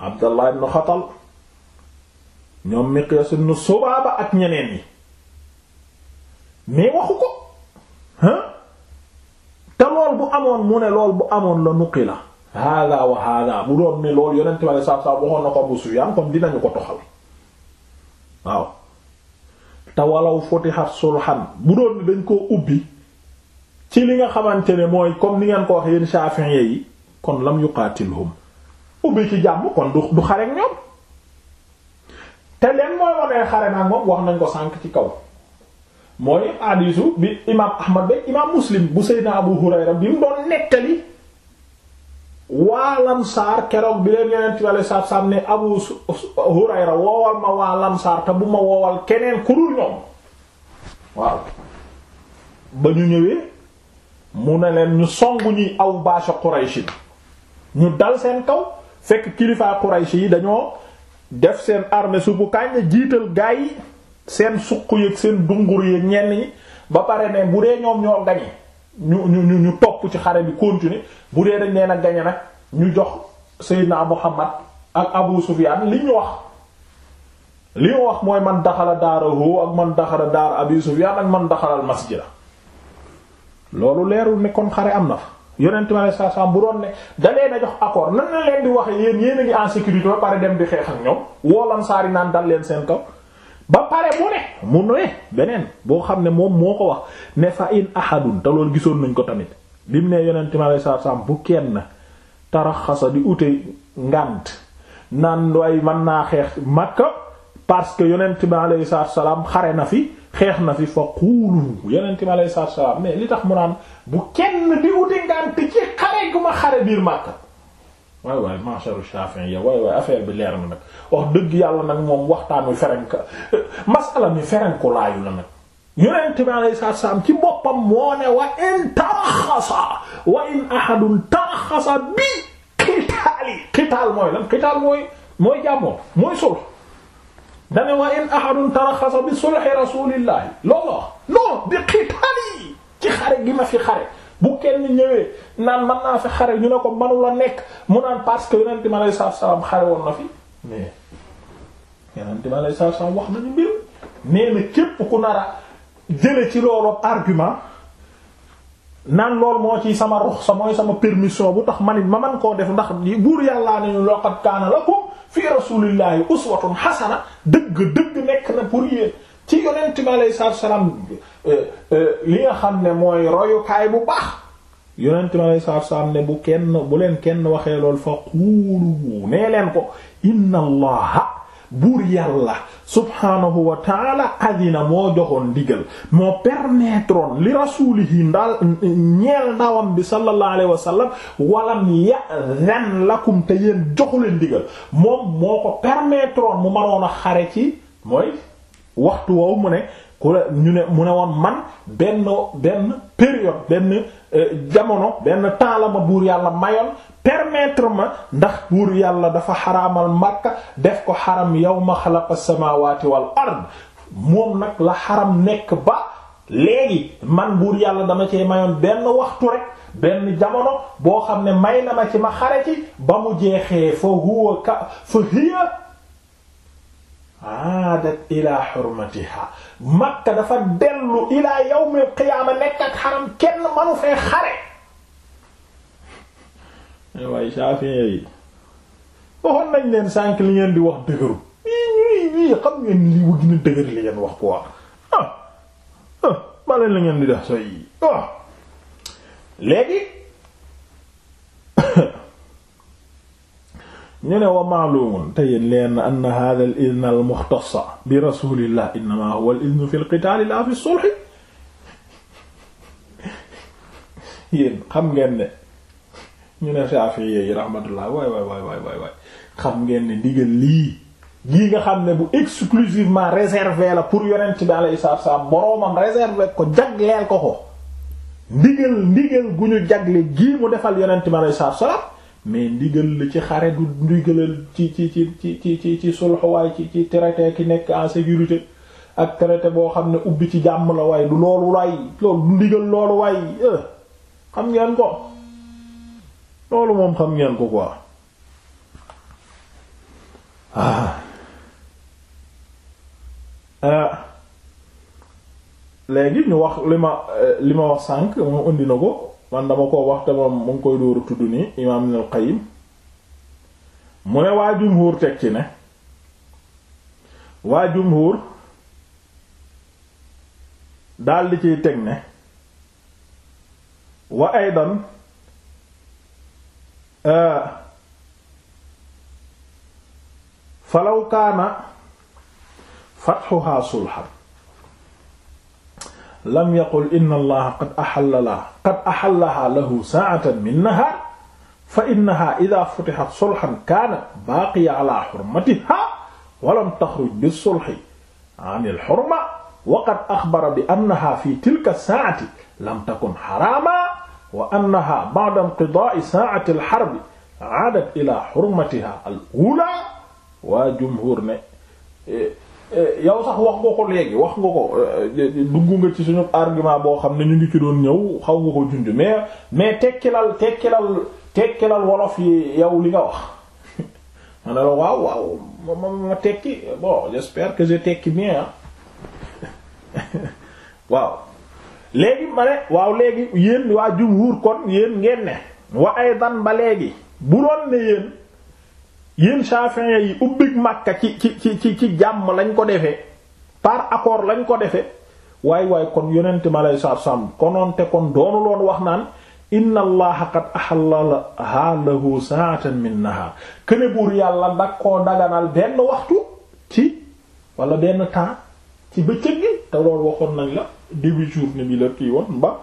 abdallah ibn xatal ñoom miqyas ibn subaaba ak ñeneen yi mais waxu ko ah te lool bu amoon mu ne lool bu amoon la nuqi la hada wa hada bu doon ne loolu yonent ma ne saab-saab waxoon na ko bu suyaan kon dinañu ko toxal waaw te walaw sulhan bu doon ne dañ koo ubbi ci li nga xamante ne mooy comme li ngeen ko wax yéen shafi'i yi kon lam yuqaatilhum ubbi ci jàmm kon du du ñoom te leen mooy wanee xare naa moom wax nañ ko sànk ci kaw mooy hadiisu bi imaam ahmad ba imaam muslim bu seydina abu hurayra bi mu doon nettali waa lamsaar keroog bi leen yeneen tibale saab saab abu hurayra woowal ma waa lamsaar te bu ma woowal keneen ku dul ñoom waaw ba ñu ñëwee mu ne leen ñu songu ñuy aw baasha qurayshi ñu dal seen kaw fekk kilifaa Quraysh yi dañoo def seen armée su bu kàñña jiital gaa yi seen suq yeeg seen dungur yeeg ñenn ñi ba pare ne bu dee ñoom ñoo gañe ñu ñu ñu topp ci xare bi continuer bu dee dañ leen a gañe nag ñu jox Seydina Muhammad ak Abu Sufyan li ñu wax li wax mooy man daxala daarahu ak man daxala daar Abi Sufyan ak man daxalal masjida loolu leerul ne kon xare am na fa yonent ma saa saa bu doon ne da leen jox accord nan na leen di wax yéen yéen a ngi en sécurité ba pare dem di xeex ak ñoom woolan saari naan dal leen seen kaw ba pare mu ne mu ne beneen boo xam ne moom moo ko wax ne fa in ahadun te loolu gisoon nañ ko tamit bi mu ne yonent ma saa saa bu kenn taraxasa di ute ngànt naan way mën naa xeex makk parce que yonent bi alayhi salaam xare na fi xeex na fi fa xuulu yonent mi alayhi salaatu salaam mais li tax mu naan bu kenn di wuti ngànt ci xare gu ma xare biir Makka waay waay masharu Shafi'i ya waay waay affaire bi leer na nag wax dëgg yàlla nag moom waxtaan wi ferenka masala mi ferenku laayu la nag yonent mi alayhi salaatu salaam ci boppam moo ne wa in taraxasa wa in ahadun taraxasa bi qitaali qitaal mooy lan qitaal mooy mooy jàmmoo mooy sulh dane wa in ahadun taraxasa bi sulhi rasulillahi loolu wax non bi xitaali ci xare gi ma fi xare bu kenn ñëwee naan mën naa fi xare ñu ne ko manula nekk mu naan parce que yonente mi aleyi salaatu salaam xare woon na fi mais yonente mi aleyi salaatu salaam wax nañu mbir nee na ku nar a jële ci loolu argument naan lool moo ci sama ruxsa mooy sama permission bu tax ma manit ma man koo def ndax buur yàlla nañu laqad kaana lakum fii rasulillahi uswatun xasana dëgg-dëgg nekk na pour yéen ci yonent bi alayhi salaatu salaam euh, euh, li nga xam ne mooy royukaay bu baax yonent bi alayhi salaatu salaam ne bu kenn bu leen kenn waxee lool fa quulu nee leen ko inna allaha buur yàlla subhaanahu wa taala adina moo joxoon digal moo permettroon li rasuulihi ndaal ñeel ndawam bi sallallahu alayhi wa sallam walam ya'zan lakum te yéen joxuleen digal moom moo ko permettroon mu mënoon a xare ci mooy waxtu wow mu ne ku ñu ne mu ne woon man benn benn période benn euh, jamono benn temps buur yàlla mayoon permettre ma ndax buur yàlla dafa xaramal makka def ko xaram yow ma yawma xalaqa samawati wal ard moom nag la xaram nekk ba léegi man buur yàlla dama cee mayoon benn waxtu rek benn jamono boo xam ne may na ma ci ma xare ci ba mu jeexee fa huwa ka fa hiya aadat ila hurmatiha makka dafa dellu ila yawmil qiyaama nekk xaram kenn manu fee xare Eh, waay Shafi'i yi waxoon nañ leen sànq li ngeen di wax dëgëru yii ñuy yii xam ngeen li wut na dëgër li ngeen wax quoi ah ah bale la ngeen di def sooy yii ah léegi wa ma'lumun te yéen leen anna hadha al-idhn al-mukhtassa bi rasulillah innama huwa al-idhn fi al la fi as-sulh xam ngeen ne ñu ne Shafi'i yi rahmatullah waay waay waay waay waay xam ngeen ne ndigal lii lii nga xam ne bu exclusivement réservé la pour yonent bi alayhi salaatu wa salaam boroomam réservé ko jagleel ko ko ndigal ndigal gu ñu jagle gii mu defal yonent bi alayhi salaatu wa salaam mais ndigal la ci xare du ndigalal ci ci ci ci ci ci ci sulx ci ci traité ki nekk en sécurité ak traité boo xam ne ubbi ci jàmm la waaye du loolu waay loolu du ndigal loolu waay eh. xam ngeen ko loolu moom xam ngeen ko quoi ah, ah. léegi ñu wax li ma eh, li ma wax sànq moom indi na ko man dama ko wax te moom mu ngi koy dóoru tudd nii imaam Ibn al-Qayyim mu ne waa jumhur teg ci ne waa jumhur daldi ciy teg ne wa aydan Euh, falaw kaana fatxuhaa sulhan lam yaqul inna allaha qad axalla laha qad axallahaa lahu saatan min nahaar fa innaha ida futixat sulhan kaanat baaqiya ala xurmatiha walam taxruj bi sulxi an il xurma waqad axbara bi annaha fi tilka saati lam takun xaraama wa annaha ba'da inqidaa'i saa'ati al-harbi aadat ila hurmatiha al-uulaa waa jumhuur ne e, e, yow sax wax nga ko léegi wax e, nga ci suñu argument boo xam ne ñu ngi ci doon ñëw xaw nga ko junj mais mais tekkilal tekkilal tekkilal wolof yi yow li nga wax ma ne la waaw ma tekki bon j'espère que je tekki bien ah waaw léegi ma ne waaw léegi yéen waa jumhur kon yéen ngeen ne wa aydan ba léegi bu doon ne yéen yéen Shafi'i yi ubbig Makka ci ci ci ci jàmm lañ ko defee par accord lañ ko defe waay waay kon yonent ma lay saab saam konoon te kon doonu loon wax naan inna allaha qad ahallalaha lahu sa'atan min nahar këne buur yàlla nag koo benn waxtu ci wala benn temps ci bëccëg gi te loolu waxoon nañ la début journée bi la kii woon ba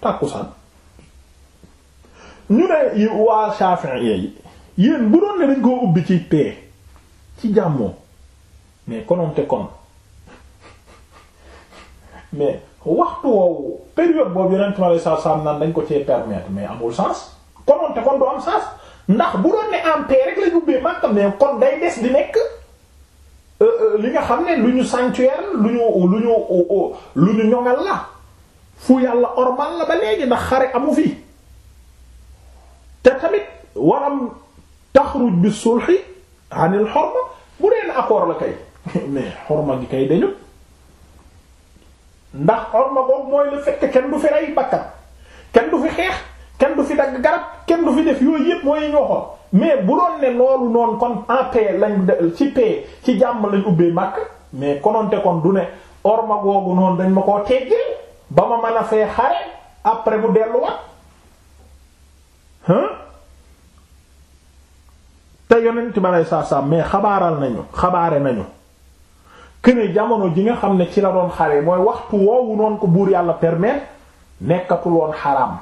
tàkkusaan ñu ne waa Shafi'i yi yéen bu doon ne dañ koo ubbi ci paix ci jàmmoo mais konoonte kon mais waxtu woowu période boobu yeneen tamit ko cee permettre mais amul sens konoonte kon du am sens ndax bu doon ne en paix rek la ubbee màkkam mais kon day des di nekk. Euh, euh, li nga xam ne lu ñu sanctuaire lu ñu lu ñu oh, oh, lu ñu ñoŋal la fu yàlla ormal la ba léegi ndax xare amu fi te tamit waram taxruj bi sulhi anil xorma bu deen accord la kay mais xorma gi kay dañu ndax xorma boobu mooy la fekk kenn du fi rey bakkat kenn du fi xeex kenn du fi dagg garab kenn du fi def yooyu yëpp mooy ñu mais bu doon ne loolu noon kon en paix lañ ci paix ci jàmm lañ ubbee màkk mais kononte kon du ne orma googu noonu dañ ma koo teggil ba ma mën a fee xare après bu delluwaat hein te yonent ma lay saa saa mais xabaaral nañu xabaare nañu këne jamono ji nga xam ne ci la doon xare mooy waxtu woowu noon ko buur yàlla permettre nekkatul woon xaraam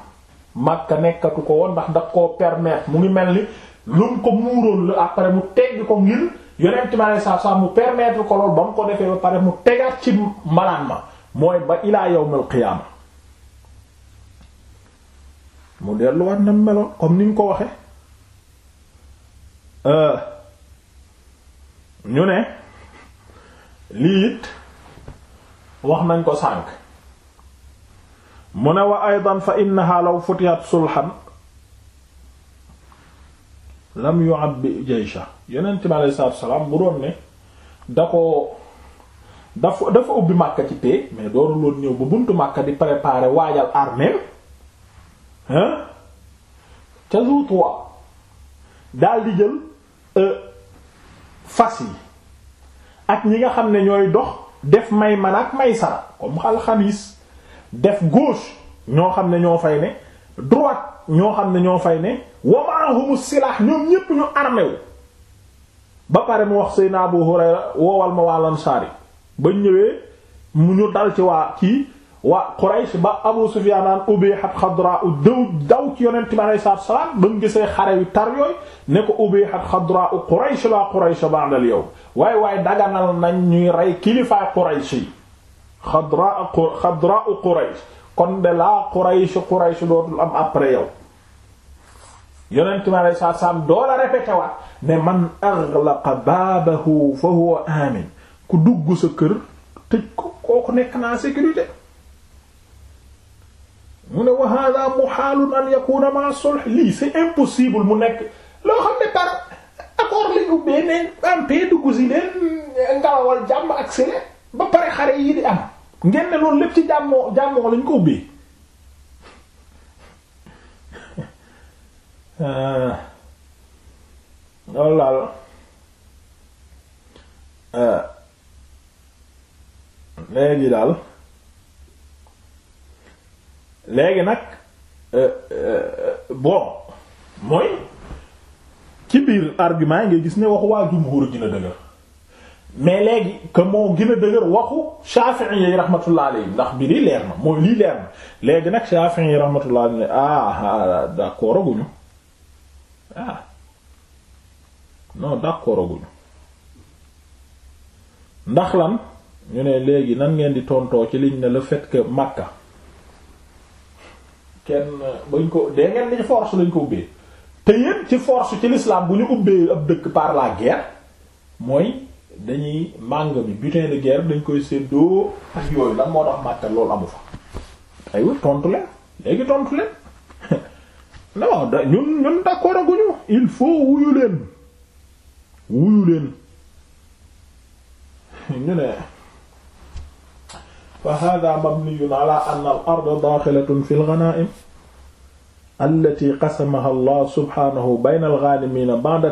Makka nekkatu ko woon ndax da koo permettre mu ngi mel ni lu mu ko muuroon la après mu tegg ko ngir yonent ma ne saa saa mu permetre ko lool ba mu ko defee ba pare mu tegaat ci mbalaan ma mooy ba ilaa yawmal qiyaama mu delluwaat na ko waxe euh, lii it wax nañ ko sànk mu ne wa aydan fa innaha law futihat sulhan lam yu abbi jaysha yonent bi alayhi salaatu salaam bu doon ne da ko dafa dafa ubbi Makka ci pee mais dooru loon ñëw ba buntu Makka di préparer waajal armée hein ca Dhu Tuwa daal di jël euh, fas yi ak ñi nga xam ne ñooy dox def may man ak may sara comme xal def gauche ñoo xam ne ñoo fay ne droite ñoo xam ne ñoo fay ne wa ma'ahumu silaah ñoom ñépp ñu armé ba pare mu wax Seydina Abu Hurayra ma waa Ansaari ba ñëwee mu ñu dal ci waa kii waa Quraysh ba Abu Sufyaan naan ubihat xadraa'u daw daw ci yonent bi alayhi salaatu wa salaam ba mu gisee xare yu tar yooyu ne ko ubihat xadraa'u Quraysh la Quraysh ba'da al-yawm waaye waaye daganal nañ ñuy rey kilifaay Quraysh yi xadraa'u Quraysh kon de laa Quraysh Quraysh dootul am après yow yonent mi alei saatu salaam doola répété waat ne man aghlaqa baabahu fa huwa amin ku dugg sa kër tëj ko kooku nekk naa sécurité mu ne wa hada muhaalun an yakuna ma sulh lii c'est impossible mu nekk loo xam ne par accord li ubbee ne am paix dugg si leen ngalawal jàmm ak sile ba pare xare yi di am ngeen ne loolu lépp ci jàmmoo jàmmoo lañ ko ubbee euh, loolu daal euh, léegi daal léegi nag euh, bon mooy ci biir argument yi ngay gis ne waxu waa jumhur dina dëgër mais léegi que moo gën a dëgër waxu Shafi'i yi rahmatullah alayhi ndax bi lii leer na mooy lii leer na léegi nag Shafi'i yi rahmatullah alayhi ah, ah, ah d'accord aguñu ah non d'accord aguñu ndax lan ñu ne léegi nan ngeen di tontoo ci liñ ne le fait que Makka kenn bañ ko dee ngeen ni force lañ ko ubbee te yéen ci force ci lislaam bu ñu ubbee ab dëkk par la guerre mooy. dañuy màngo bi butin de dañ koy séddoo ak yooyu lan moo tax màttal loolu amu fa aywa tontu leen léegi tontu leen non da ñun ñun d'accord aguñu il faut wuyu leen wuyu leen ñu ne fa hada mabniyun ala anna al ard daxilatun fi al ghanaim allati allah subhanahu bayna al ghanimina ba'da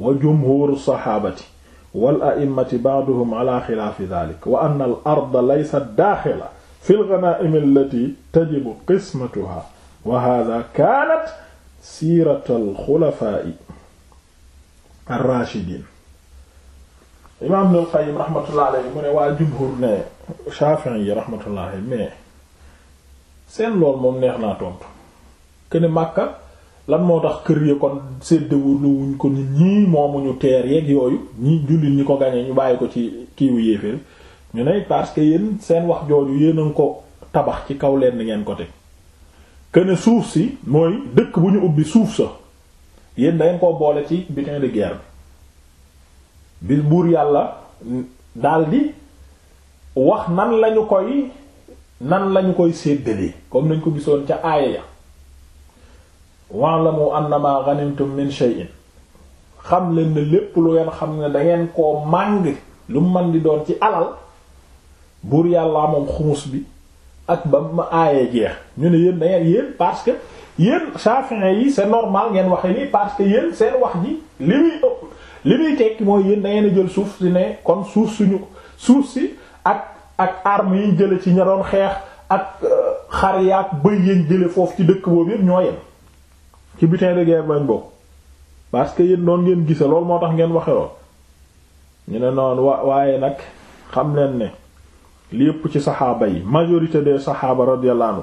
wa jumhuru saxaabati wal a'immati ba'duhum ala xilaafi dalik wa anna al arda laysat daaxila fi lganaa'imi allati tajibu qismatuha wa haaza kaanat siiratu alxulafaa'i arraashidiin imaam Ibnul Qayyim rahmatullah alayhi mu ne waa jumhur ne Shaafi'i yi rahmatullah alayhi mais seen lool moom neex naa tontu kene Makka lan moo tax kër ya kon séddewul wuñ ko nit ñii moomuñu teer yeeg yooyu ñi jullit ñi ko gañee ñu bàyyi ko ci kiiwu yéeféer ñu ne parce que yéen seen wax jooju yéen a ngi ko tabax ci kaw leen ngeen ko teg këne suuf si mooy dëkk bu ñu ubbi suuf sa yéen da ngeen koo boole ci butin de bi buur yàlla daldi wax nan lañu koy nan lañu koy séddalee comme nañ ko gisoon ca aaya ya la wa'lamu annama ghanimtum min shay'in xam leen ne lépp lu ngeen xam ne dangeen koo màng lu man di doon ci alal buur yàllaa moom xumus bi ak ba ma aayee jeex ñu ne yéen dangeen yéen parce que yéen Shafi'i yi c'est normal ngeen wax lii parce que yéen seen wax ji li muy ëpp li muy tekki mooy yéen dangeen a jël suuf si ne kon suuf suñu suuf si ak ak armes yi jële ci ña doon xeex ak euh, xar yaak bëy yañ jële foofu ci dëkk boobu yëpp ñoo yem ci butin de guerre bañ bokk parce que yéen doon ngeen gise loolu moo tax ngeen waxe lool ñu ne noon wa waaye nag xam leen ne li yëpp ci saxaaba yi majorité des saxaaba radiyallahu anhu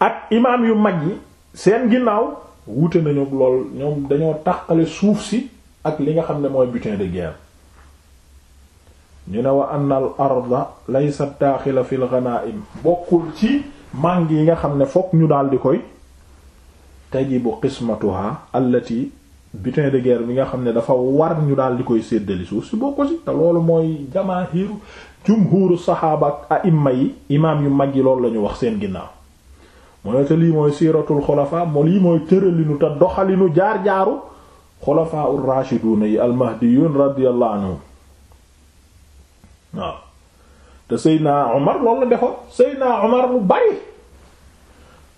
ak imaam yu mag yi seen ginnaaw wute nañu lool ñoom dañoo tàqale suuf si ak li nga xam ne mooy butin de guerre ñu ne wa anna al arda laysat daaxila fil ghanaim bokkul ci màng yi nga xam ne fokk ñu daal di koy tajibu qismatuha allati butin de guerre bi nga xam ne dafa war ñu daal di koy séddali suuf si bokk si te loolu mooy jamaahiru jumhuru saxaaba ak aimma yi imaam yu mag yi loolu la wax seen ginnaaw mu ne te lii mooy siiratul xulafa mo lii mooy tëralinu te doxalinu jaar-jaaru xulafaa ur raashiduuna yi almahdiyuun radiyallahu anhum waaw te Seydina Omar loolu la defoon Seydina Omar lu bari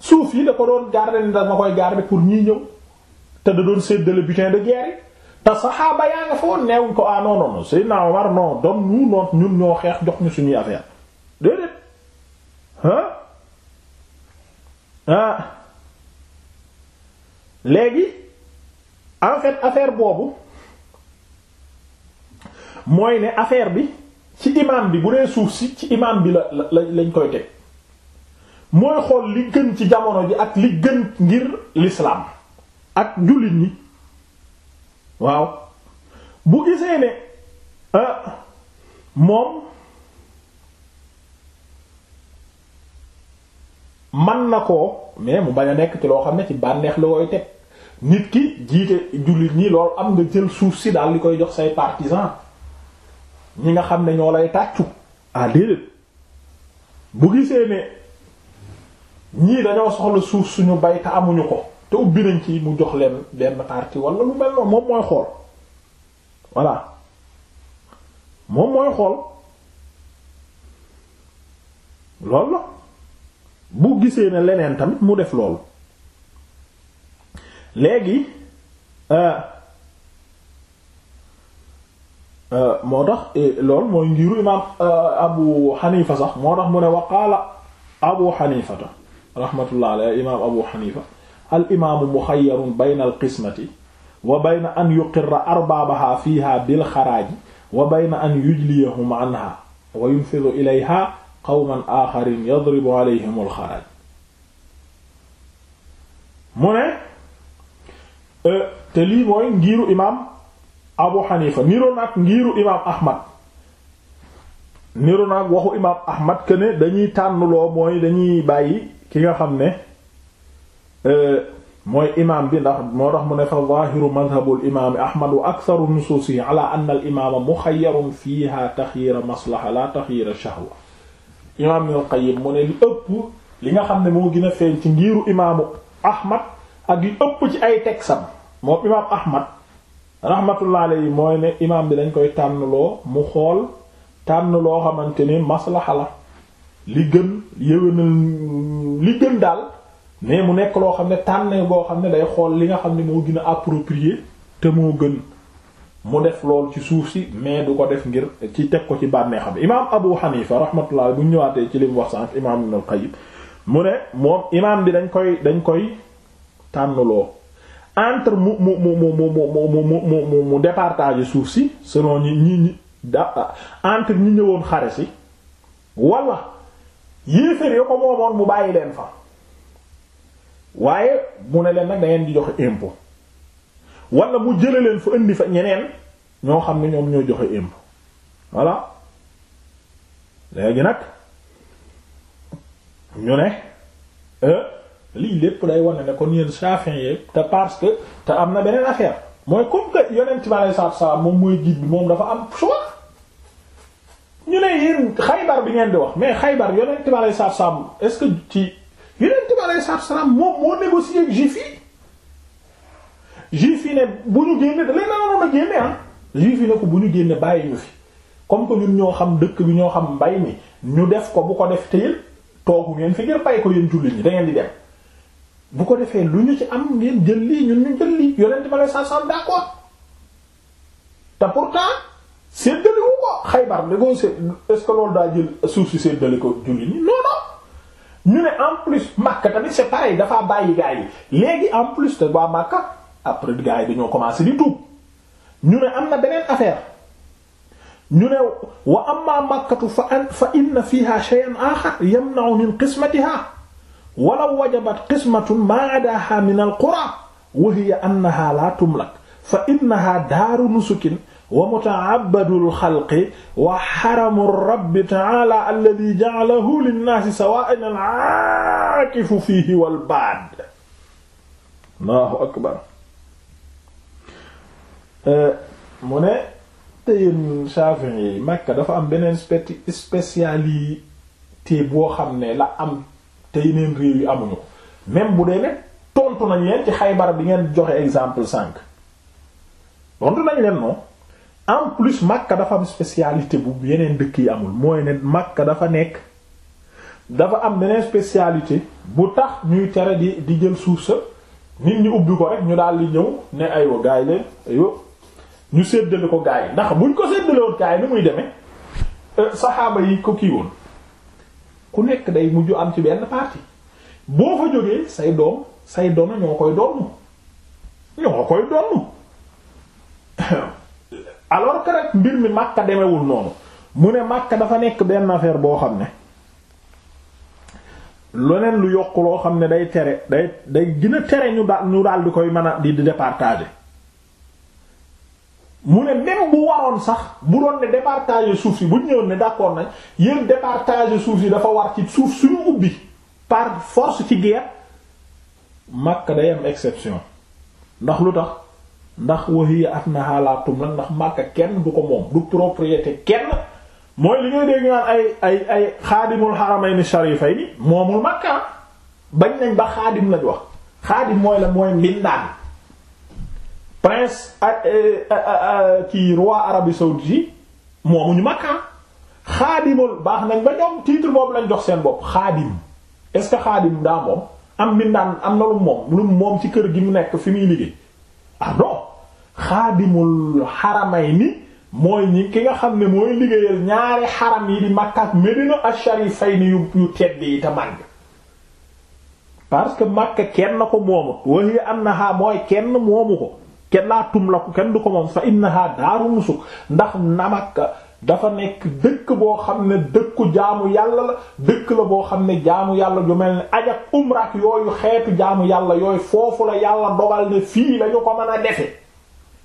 suuf yi da ko doon garder ni da dama koy garder pour ñii ñëw te da doon séddale butin de guerre yi te ko ah non non non Seydina Omar non ñun ñoo xeex jox ñu affaire léegi en fait affaire boobu mooy ne affaire bi ci imam bi bu dee suuf si ci imam bi la la lañ koy teg mooy xool li gën ci jamono ji ak li gën ngir l'islam ak jullit ñi waaw bu gisee ne euh, moom man na ko mais mu bañ a nekk ci loo xam ne ci bànneex la koy teg nit ki jiite jullit ñi loolu am nga jël suuf si daal li koy jox say partisan ñi nga xam ne ñoo lay tàccu ah déedéet bu gisee ne ñii dañoo soxla suuf suñu bay te amuñu ko te ubbi nañ ci mu jox leen benn partie wala lu mel noonu moom mooy xool voilà moom mooy xool lool la bu gisee ne leneen tamit mu def loolu léegi euh, euh, moo tax loolu mooy ngiru imaam euh, Abu Hanifa sax moo tax mu ne waqaala Abu Hanifata rahmatullah alayhi imaam Abu Hanifa al imaamu muxayyarun bayna wa bayna an yuqirra arbaabaha fiiha bil xaraaji wa bayna an yujliyahum anha wa yunfidu ilayha qawman aaxarin yadribu alayhim al mu ne e, te mooy ngiiru imaam Abu Hanifa niroo naag ngiiru imaam Ahmad niroo naag waxu imaam Ahmad que ne dañuy tànnloo mooy dañuy bàyyi ki nga xam ne euh, mooy imaam bi ndax moo tax mu ne fa zaahiru madhabul imaami ahmad wa aktharu nusuusihi ala anna al imaama mukhayyarun fiiha taxyiira maslaha la taxyiira shahwa imaam Ibnul Qayyim li ëpp li nga xam ne moo gën a feeñ ci ngiiru imaamu ahmad ak li ëpp ci ay tegsam moom imaam ahmad rahmatullah alayhi mooy ne imaam bi dañ koy tànn loo mu xool tànn loo xamante ni la li gën yëwénal li gën daal mais mu nekk loo xam ne tànne boo xam ne day xool li nga xam ne moo gën a approprié te moo gën mu def lool ci suuf si mais du ko def ngir ci teg ko ci bànnee xam imaam Abu Hanifa rahmatullah bu ñu ñëwaatee ci lim wax sànq imaam Ibn al-Qayyim mu ne moom imaam bi dañ koy dañ koy tànnloo entre mu mu mu mu mu mu mu mu mu départage suuf si selon ñi ñi ñi da entre ñi ñëwoon xare si wala yéeféer yo moomoon mu bàyyi leen fa waaye mu ne leen nag da ngeen di joxe impôt wala mu jële leen fa indi fa ñeneen ñoo xam ne ñoom ñoo joxe impôt voilà léegi nag ñu ne euh, lii lépp day wane ne kon yéen chafin yépp te parce que te am na beneen affaire mooy comme que yonent bi alei salatu salaam moom mooy guide bi moom dafa am choix ñu ne yéen xaybar bi ngeen di wax mais xaybar yonent bi alayhi salaatu salaam est-ce que ci yonent bi alayhi salaatu salaam moom moo négocié ak juif ne bu ñu génne da leen a waroon a génne ah juif ne ko bu ñu génne bàyyi ñu fi comme que ñun ñoo xam dëkk bi ñoo xam mbay mi ñu def ko bu ko def te yéen toogu ngeen fi ngeen bàyyi ko yéen jullit ñi da ngeen di dem bu ko defee lu ñu ci am ngeen jël lii ñun ñu jël lii yonent bi alayhi salaatu salaam d'accord te pourtant. séddale wu ko Xaybar da koy sédd est-ce que loolu daa jël suuf si séddale ko julli ñi non non en plus Makka tamit c'est dafa dafaa bàyyi gaa yi léegi en plus te waa Makka après gaa yi dañoo commencé di tuub ñu ne am na beneen affaire ñu ne wa amma Makkatu fa an fa inna fiha shay'an akhar yamna'u min qismatiha walaw wajabat qismatun ma adaha min al-qura wa hiya annaha la tumlak fa innaha daaru nusukin wa muta'abbadul xalqi wa xaramu rabbi ta'ala alladhi ja'alahu linnaasi sawaa'an al-'aakifu fiihi wal baad. Allahu akbar. Eh, mu ne te yéen Makka dafa am beneen spéti spécialité boo xam ne la am tey yeneen réew yi amuñu même bu dee ne tontu nañ leen ci Xaybar bi ngeen joxe exemple cinq tontu nañ leen non. en plus Makka dafa am spécialité bu yeneen dëkk yi amul mooy ne Makka dafa nekk dafa am beneen spécialité bu tax ñuy tere di di jël suuf sa nit ñi ubbi ko rek ñu daal di ñëw ne aywa gaay leen aywa ñu séddale ko gaay ndax buñ ko séddale woon gaay ni muy demee euh, saxaaba yi ko kii woon ku nekk day mujj am ci benn parti boo fa jógee say doom say doom ñoo koy donn ñoo koy donn alors que rek mbir mi Makka demewul noonu mu ne màkka dafa nekk benn affaire boo xam ne leneen lu yokk loo xam ne day tere day day gina tere ñu daal ñu daal di koy mën a di départager mu ne même bu waroon sax bu doon ne départager suuf si buñ ñu ñëwoon ne d'accord nañ yéen départager suuf yi dafa war ci suuf suñu ubbi par force ci guerre Makka day am exception ndax lu tax. ndax wahiya at na xalaatum nag ndax Makka kenn du ko moom du propriété kenn mooy li ngay dégg naan ay ay ay xaadimul xaramayni sharifayni moomul Makka bañ nañ ba xaadim lañ wax xaadim mooy la mooy mbindaan prince ci roi Arabie saoudite moomuñu Makka xaadimul baax nañ ba ñoom titre boobu lañ jox seen bopp xaadim est que xaadim daa moom am mbindaan am na lu moom lu moom ci kër gi mu nekk fi muy liggéey ah xaadimul xaramayni mooy ñi ki nga xam ne mooy liggéeyal ñaari xaram yi di Makka ak Medina ash-sharifayni yu yu tedd yi te màgg parce que Makka kenn ko moomut wa hiya annaha mooy kenn moomu ko kenn laa tum la ko kenn du ko moom fa innaha daaru musuk ndax na Makka dafa nekk dëkk boo xam ne dëkku jaamu yàlla la dëkk la boo xam ne jaamu yàlla ju mel ne aj ak yooyu xeetu jaamu yàlla yooyu foofu la yàlla dogal ne fii lañu ko mën a defe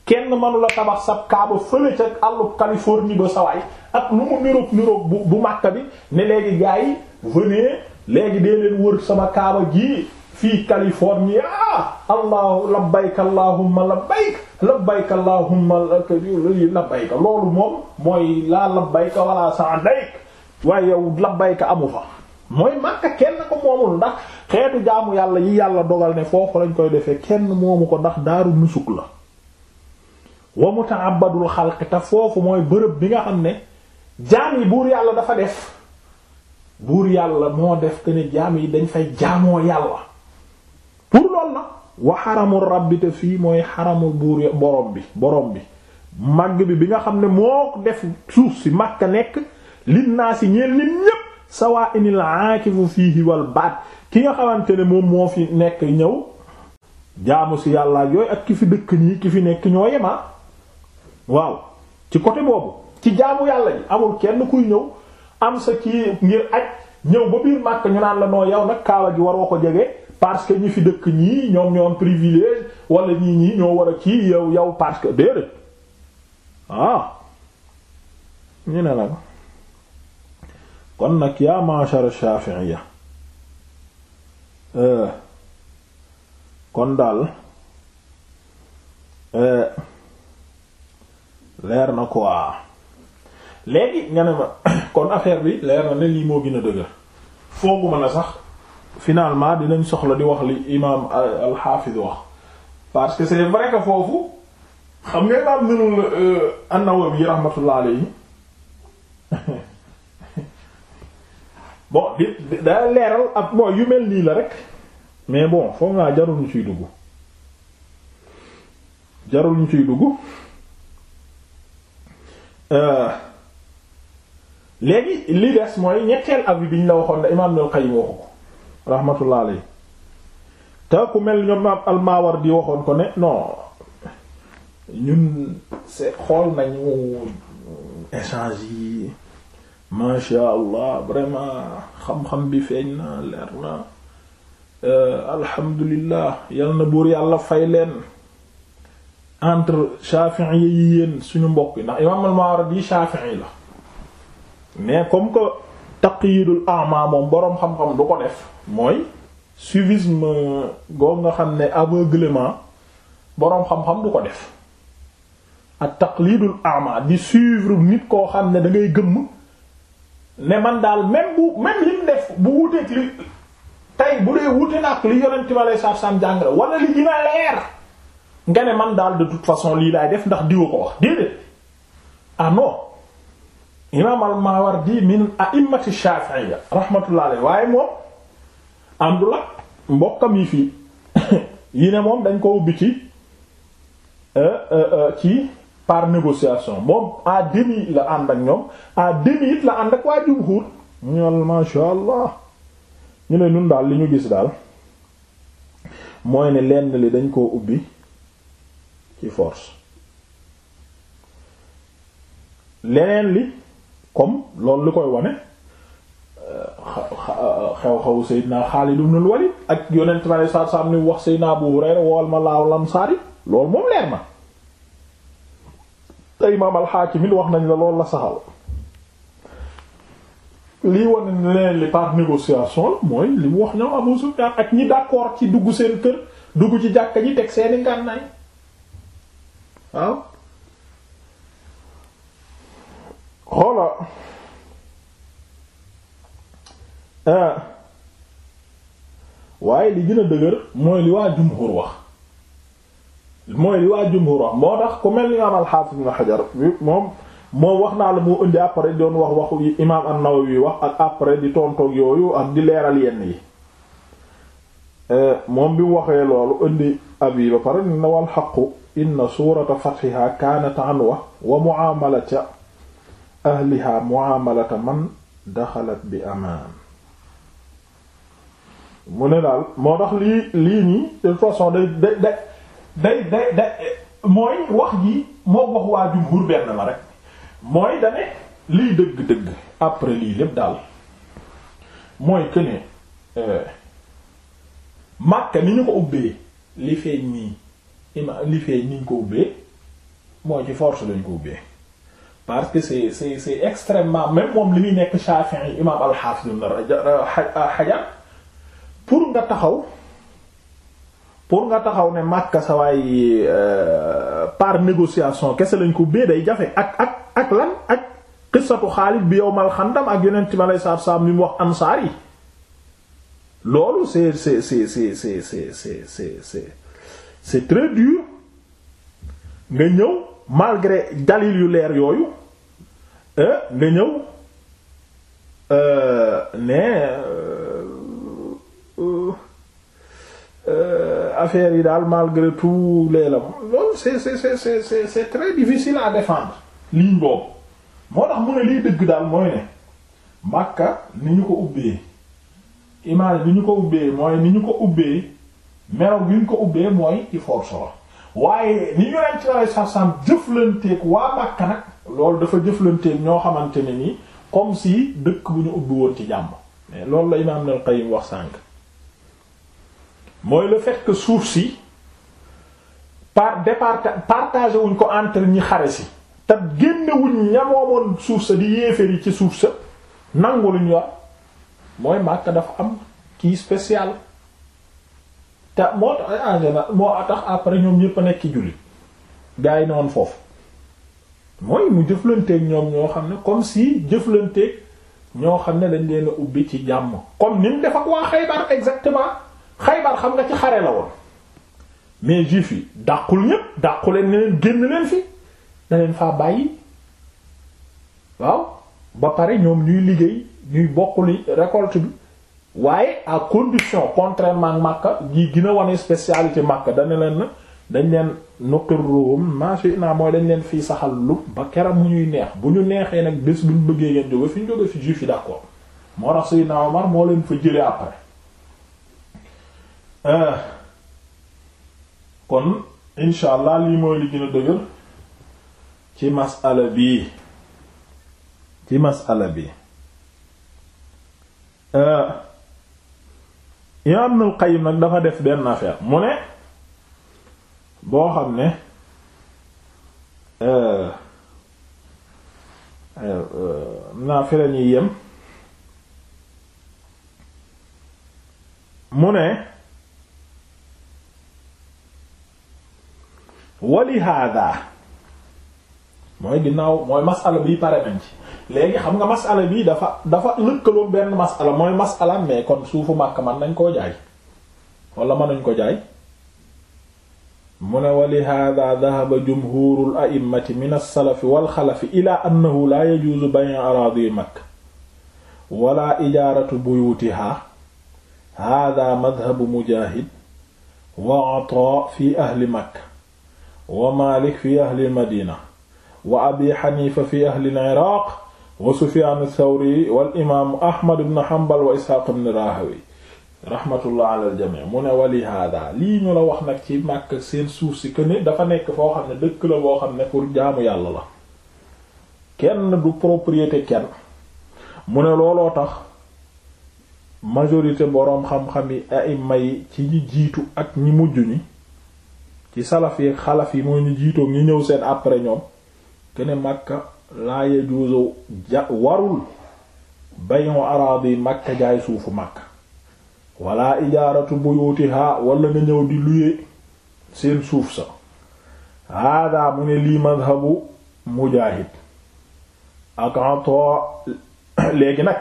kenn mënu la tabax sab kaaba fële ca àllub Californie ba sawaay ak lu mu niroog niroog bu bu Makka bi ne léegi gaa yi venez léegi dee leen wër sama kaaba gii fii Californie ah allahu labbayk allahumma labbayk labbayk allahumma labbayk loolu moom mooy laa labbayka wala sa'dayk waaye yow labbayka amu fa mooy Makka kenn ko moomul ndax xeetu jaamu yàlla yi yàlla dogal ne foofu lañ koy defee kenn moomu ko ndax daaru nusuk la wa muta'abbadul xalqi te foofu mooy bërëb bi nga xam ne jaam yi buur yàlla dafa def buur yàlla moo def que ne jaam yi dañ fay jaamoo yàlla pour lool na wa xaramul rabbi fii mooy xaramul buur borom bi borom bi màgg bi bi nga xam ne moo def suuf si Makka nekk lin naa si ñeen nit ñépp sawaa inil aakifu fiihi wal baat ki nga xamante ne moom moo fi nekk ñëw jaamu si yàlla yooyu ak ki fi dëkk nii ki fi nekk ñoo yemaa waaw ci côté boobu ci jaamu yàlla ji amul kenn kuy ñëw am sa kii ngir aj ñëw ba biir màkk ñu naan la noo yow nag kaaba gi waroo ko jege parce que ñu fi dëkk ñii ñoom ñoom privilège wala ñii ñii ñoo war a kii yow yow parce que déedéet ah ñu ne la kon nag yaa ma'shar ya eh. kon daal eh. leer na quoi léegi nga ne ma kon affaire bi leer na ne lii moo gin a dëgër fooguma na sax finalement dinañ soxla di wax li imaam al-Hafiz wax parce que c'est vrai foofu xam nga imaam nunul an-Nawawi rahmatullah alayhi bon di da leeral ak mooy yu mel nii la rek mais bon foog naa jarul ñu ciy dugg jarul ñu ciy dugg Euh, léegi li des mooy ñetteel avis bi ñu la waxoon ne imaam Ibnul Qayyim waxu ko rahmatullah alayhi mel ñoom imaam al-Mawardi waxoon ko ne non ñun c'est xool nañu échange yi masha Allah vraiment xam-xam bi feeñ na leer na euh, alhamdulillah yal na buur yàlla fay leen. entre Shafi'i yi yéen suñu mbokk yi ndax imaam al-Mawardi Shafi'i la mais comme que taqyidul a'ma moom boroom xam-xam du ko def mooy suivisme goog nga xam ne aveuglement boroom xam-xam du ko def ak taqlidul a'ma di suivre nit koo xam ne da ngay gëmm ne man daal même bu même lim def bu wuteeg li tey bu dee wute nak li yonent bi sallallahu alayhi wasallam jàngale wala li dina leer. nga ne man daal de toute façon lii laay def ndax diwa ko wax déedéet ah non imaam al-Mawardi min a'immati Shafi'iyya rahmatullah waaye moom àndul ak mbokkam yi fii yii ne moom dañ ko ubbi ci euh, euh, euh, ci par négociation moom à la ànd ak ñoom à it la ànd ak waa jumhur ñol masha Allah ñu ne ñun daal li ñu gis daal mooy ne lenn li dañ koo ubbi ci force leneen li comme lool li koy wane euh, xew-xewu Seydina Xaalid ibn al-Walid ak yonent ma ne saar saar ni wax Seydina Abu Hurayra wool ma laaw lamsaari loolu moom leer na te imaam al wax nañ la loolu la saxal lii wane ne leen li par négociation mooy li mu wax ñoom Abu Sufyaan ak ñi d'accord ci dugg seen kër dugg ci jàkka ñi teg seeni ngànnaay waaw xoola eh. waaye li gën a dëgër mooy li waa jumhur wax mooy li waa jumhur wax moo tax ku mel ni imaam al-Hafiz ibn moom moom wax naa la moo indi après doon wax waxu imaam an-Nawawi wax ak après di tontoog yooyu ak di leeral yenn yi eh, moom bi mu waxee loolu indi ab yi ba pare ni na wal inna suurata fatxiha kaanat anwa wa muaamalata ahliha muaamalata man daxalat bi amaan mu ne daal moo tax lii lii nii de façon day day day day mooy wax ji moo wax waa jumhur benn la rek mooy dane lii dëgg-dëgg après lii lépp daal mooy que euh, Makka ni ñu ko ubbee li feeñ nii ima li feeñ niñ ko ubbee mooy ci force lañ ko ubbee parce que c'est c'est c'est extrêmement moom li muy nekk Shafi'i imaam al-Hafiz ibn Hajar pour nga taxaw pour nga taxaw ne Makka sa waay euh, par négociation kese lañ ko ubbee day jafe ak ak ak lan ak qissatu Xaalid bi yawmal Xandam ak Yonent mi alayhi salaatu salaam mi mu wax ansaar yi loolu c'est c'est c'est c'est c'est c'est très dur nga ñëw malgré dalil yu leer yooyu nga ñëw mais euh, euh, euh, affaire yi daal malgré tout lee la loolu c'est c'est c'est c'est c'est très difficile à défendre ligne boobu moo tax mu ne liy dëgg daal mooy ne Makka ni ñu ko ubbee image ni ñu ko ubbee mooy ni ñu ko ubbee meew bi ñu ko ubbee mooy ci force la waaye ni ñu leen ci la sàrsam jëflanteeg waa Makka nag loolu dafa jëflanteeg ñoo xamante ne ni comme si dëkk bu ñu ubbi woon ci jàmm mais loolu la Imaam Ibnul Qayyim wax sànk mooy le fait que suuf si par départ partagé wuñ ko entre ñi xare si te génnewuñ ñamoomoon suuf sa di yéeféer yi ci suuf sa nangu luñ war mooy Makka dafa am kii spécial. te moo tax ah, en général tax après ñoom ñépp a nekk jullit gars yi noonu foofu mooy mu jëflanteeg ñoom ñoo xam ne comme si jëflanteeg ñoo xam ne dañ leen a ubbi ci jàmm comme ni mu def ak waa Xaybar exactement Xaybar xam nga ci xare la woon mais juif yi dàqul ñépp dàquleen ne leen génn leen fi na leen faa bàyyi waaw ba pare ñoom ñuy liggéey ñuy bokkuli récolte bi waaye ak condition contrairement Makka gi gën a wane spécialité Makka dañ leen dañ leen nuqirruhum ma naa mooy dañ leen fii saxal lu ba keram mu ñuy neex bu ñu neexee nag bés buñ bëggee ngeen jóge fi ñu jóge fi juif yi d'accord moo tax Seydina Omar moo leen fa jële après euh, kon insha allah lii mooy li gën a dëgër ci masala bi ci masala bi euh, imaam Ibnul Qayyim nag dafa def benn affaire mu ne boo xam ne euh, euh, naa fi lañuy yem mu ne wali hada mooy ginnaaw mooy masala bi pare nañ ci léegi xam nga masala bi dafa dafa lëkkaloom benn masala mooy masala mais kon suufu Makka man nañ koo jaay wala mën nañ ko jaay mu ne wa lihaada dahaba jumhuru l a'immati min alsalafi walxalafi ila annahu laa yajuuzu bay' araadi Makka wala ijaaratu buyuutiha hada madhabu mujahid wa ata fi ahli makka wa malik fi ahli lmadina wa abi xanifa fi ahli l iraq wa Sufyaan ath-Thawri wal imaamu Ahmad ibn Hanbal wa Isxaaq ibn Raahawayh rahmatullah ala al-jamii mu ne wali hada lii ñu la wax nag ci Makka seen suuf si que dafa nekk foo xam ne dëkk la boo xam ne pour jaamu yàlla la kenn du propriété kenn mu ne looloo tax majorité boroom xam-xam yi aïma yi ci ñi jiitu ak ñi mujj ñi ci salaf yi xalaf yi mooy ñu jiitoog ñi ñëw seen après ñoom que ne laa yajuuzu ja warul bayu araadi makka jaay suufu makka wala ijaaratu buyutiha wala nga ñëw di luye seen suuf sa hada mu ne lii madhabu mujaahid ak léegi nag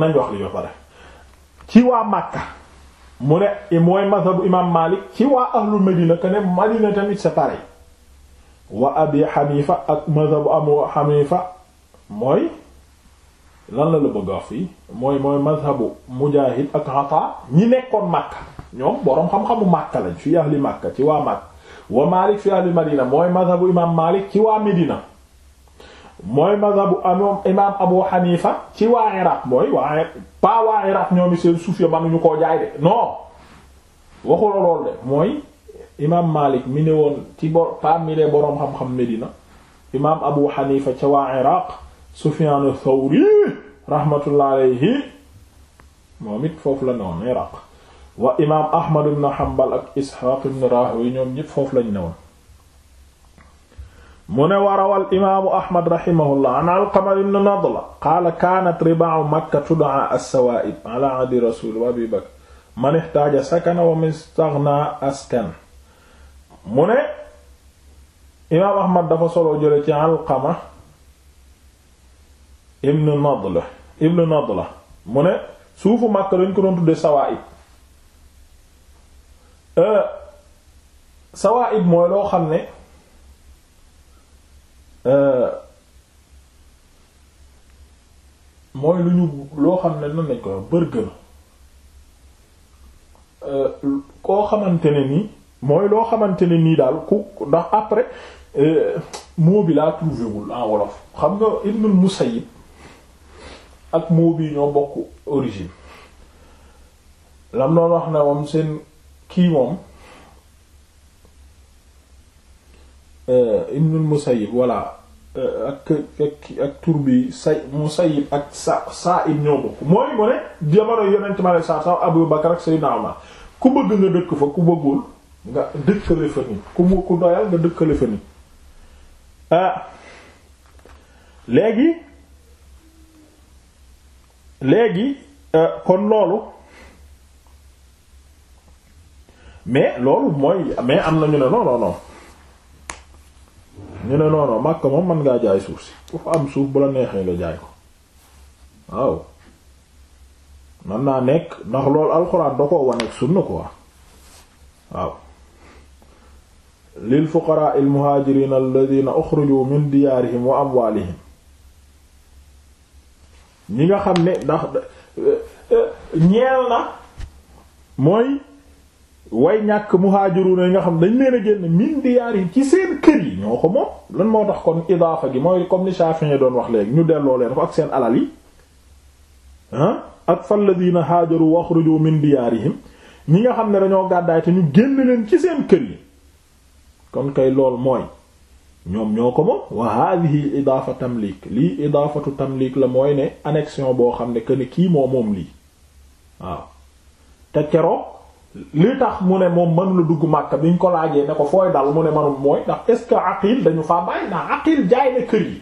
nañ wax li ba pare ci waa Makka mu ne mooy madhabu imaam Maalik ci waa ahlul Madina que ne Madina tamit c'est pareil wa abi xanifa ak madhabu abu xanifa mooy lan la la bëgg fii mooy mooy madhabu mujaahid ak ata ñi nekkoon màkka ñoom boroom xam-xamu màkka lañ fi ahli màkka ci waa màkka wa malik fi ahli madina mooy madhabu imam malik ci waa medina mooy madhabu amoom abu xanifa ci waa iraq mooy waa pas waa iraq ñoomi seen suuf ya mënuñu koo jaay de non waxula lool de mooy imaam Malik mi ne woon ci bor pa mi lee boroom xam-xam Medina imaam Abu Hanifa ca waa Iraq Sufyan Thawri rahmatullah alayhi moom it foofu la ne woon Iraq wa imaam Ahmad ibn Hanbal ak Ishaq ibn Rahowi ñoom ñëpp foofu lañ ne woon mu ne warawal imaamu Ahmad rahimahullah an Alqama ibn Nadla qaala kaanat riba'u Makka tud'a as-sawaa'ib ala ahdi Rasuul wa Abi Bakr man ihtaja sakana wa man istaghna askan mu ne imaam ahmad dafa solo jële ci alqama ibnu nadla ibnu nadla mu ne suufu Makka dañ ko doon tudde sawaa'ib euh, sawaa'ib mooy loo xam ne euh, mooy lu ñu loo xam ne nan lañ ko bërgël euh, koo xamante ne nii mooy loo xamante ne nii daal ku ndax après euh, mot bi laa trouvé wul wolof xam nga Ibnul Musayyib ak mot bi ñoo bokk origine lam noonu wax na moom seen kii moom euh, Ibnul Musayyib voilà euh, ak ak ak tur bi say Musayyib ak sa saa ib ñoo bokk mooy mu ne jamono yonent ma lay saa saa Abu Bakar ak Sayyidna Umar ku bëgg nga dëkk fa ku bëggul nga dëkkale fa ni ku mu ku doyal nga dëkkale fa ni ah, léegi léegi euh, kon loolu mais loolu mooy mais am na ñu ne non ñu ne non non moom mën ngaa jaay suuf si ku fa am suuf bu la neexee nga jaay ko waaw mën naa nekk ndax loolu alxuraan da koo wane ak sunna quoi waaw. lil fuqaraa il muhaajiriin alladina uxrijuu min diyaarihim wa amwaalihim ñi nga xam ne ndax ñeel na mooy way ñàkk muhaajiruuna yi nga xam dañ leen génn min diyaarihim ci seen kër yi ñoo ko moom lan moo tax kon idaafa gi mooy comme ni Shafi'i doon wax léegi ñu delloo leen ko ak seen alal yi ah ak falladina haajaru wa uxrijuu min diyaarihim ñi nga xam ne dañoo gàddaay te ñu génn leen ci seen kër yi kon kay lool mooy ñoom ñoo ko moom wa hadhihi idaafa tamlik lii idaafatu tamlik la mooy ne annexion boo xam ne que ne kii moo moom lii waaw te keroog li tax mu ne moom mënula dugg Makka bi ñu ko laajee ne ko fooy dal mu ne manum mooy ndax est-ce que aqil dañu faa bàyyi ndax aqil jaay na kër yi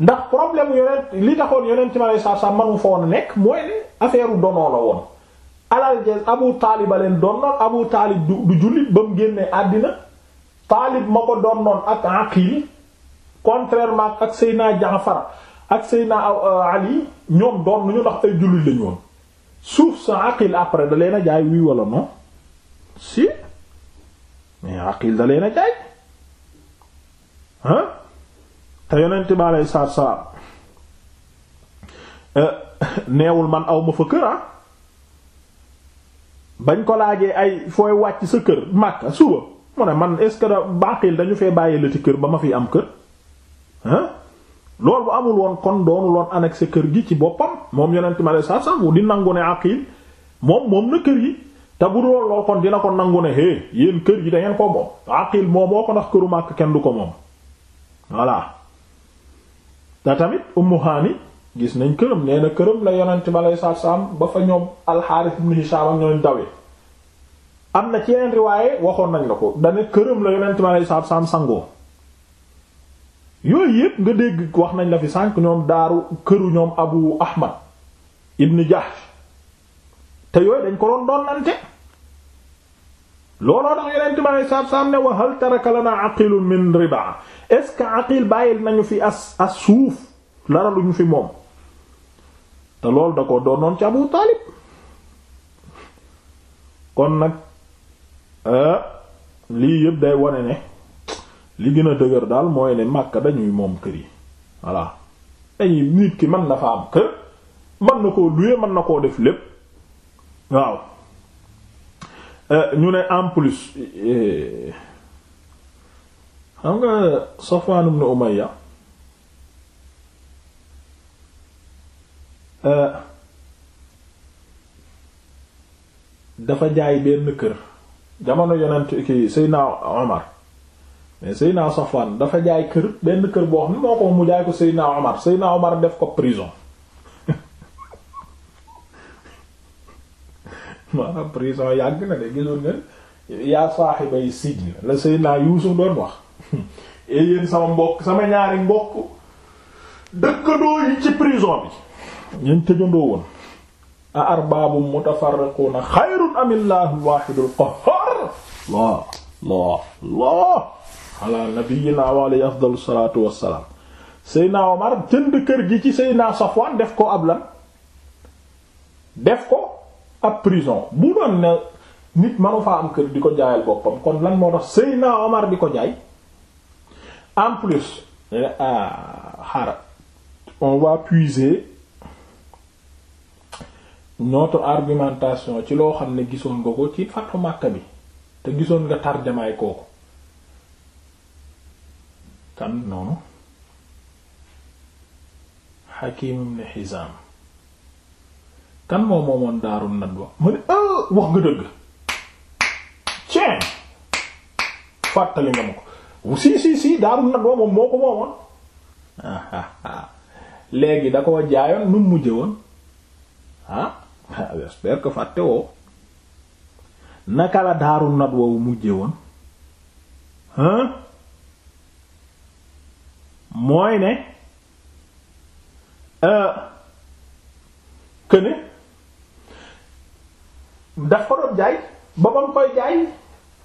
ndax problème yonent li taxoon yonent ci ma lay sa sa manu foon nekk mooy ne affaire u donoo la woon alal jeex abu taalib a leen donnoon abu taalib du jullit ba mu génnee àddina taalib ma ko donnoon ak aqil contrairement ak seyna jaafar ak seyna euh, ali ñoom doon nañu ndax ay jullit lañu suuf sa aqil après da leen a jaay wii wala non si mais aqil da leen a jaay ah te yonent bi aleyhi salaam euh, neewul man aw ma fa kër ah bañ ko laajee ay fooy wàcc sa kër Makka suba mu ne man est-ce que da baqil dañu fee bàyyi la ci kër ba ma fiy am kër ah loolu bu amul woon kon doonul woon annexé kër gi ci boppam moom yonent ma le sa sa bu di nangu ne aqil moom moom na kër yi te bu doon loo kon dina ko nangu ne é yéen kër gi da ngeen ko moo ko ndax këru màkk kenn du ko moom voilà te tamit Ummu Hani gis nañ këram nee na këram la yonent ba lay saam ba fa ñoom alxaaris ibn Hishaam ak ñooñ am na ci yeneen riwaaye waxoon nañ la ko dana këram la yonent ba lay saam sangoo yooyu yépp nga dégg wax nañ la fi sànq ñoom daaru këru ñoom abu ahmad ibn Jahsh te yooyu dañ ko doon donnante looloo tax yonent ba lay saam ne wa hal taraka lana aqilun min ribaa est-ce bàyyil nañu fi as as suuf dara ñu fi moom te loolu da ko doonoon ci Abu Taalib kon nag euh, lii yëpp day wane ne li gën a dëgër daal mooy ne Makka dañuy moom kër yi voilà dañuy nit ki mën na fa am kër mën na koo duye mën na koo def lépp waaw euh, ñu ne en plus euh, xam nga Safwan ibn Umayya Euh, dafa jaay benn kër jamono yonent ki Seydina Omar mais Seydina Safwan dafa jaay kër benn kër boo xam ne moo ko mu jaay ko Seydina Omar Seydina Omar def ko prison maanaam prison yàgg na de gisoon nga yaa saaxibay sijn la Seydina Yuusuf doon wax et eh, yéen sama mbokk sama ñaari mbokk dëkkandoo yi ci prison bi ñañ tëjandoo woon a arbaabu mutafarriquuna xayrun amillaahu alwaahidul qahhaar la la la ala nabiyyina wa alayhi afdalu salaatu wassalaam Seydina Omar jënd kër gi ci naa Safwan def ko ab lan def ko ab prison bu doon ne nit manu faa am kër di ko jaayal boppam kon lan moo tax Seydina Omar di ko jaay en plus eh, ah on va puiser notre argumentation ci loo xam ne gisoon nga ko ci fatxu Makka bi te gisoon nga tarjamaay kooku kan noonu Hakim ibn Hizam kan moo moomoon Daaru Nadwa ma ne ah, wax nga dëgg ceen fàttali nga ma ko si si si Daaru Nadwa moom moo ko moomoon léegi da ko jaayoon nu mujje woon ah? j'espère que fàtte woo naka la daaru nat wowu mujje woon hein mooy ne këne euh, daf ko doon jaay ba bam koy jaay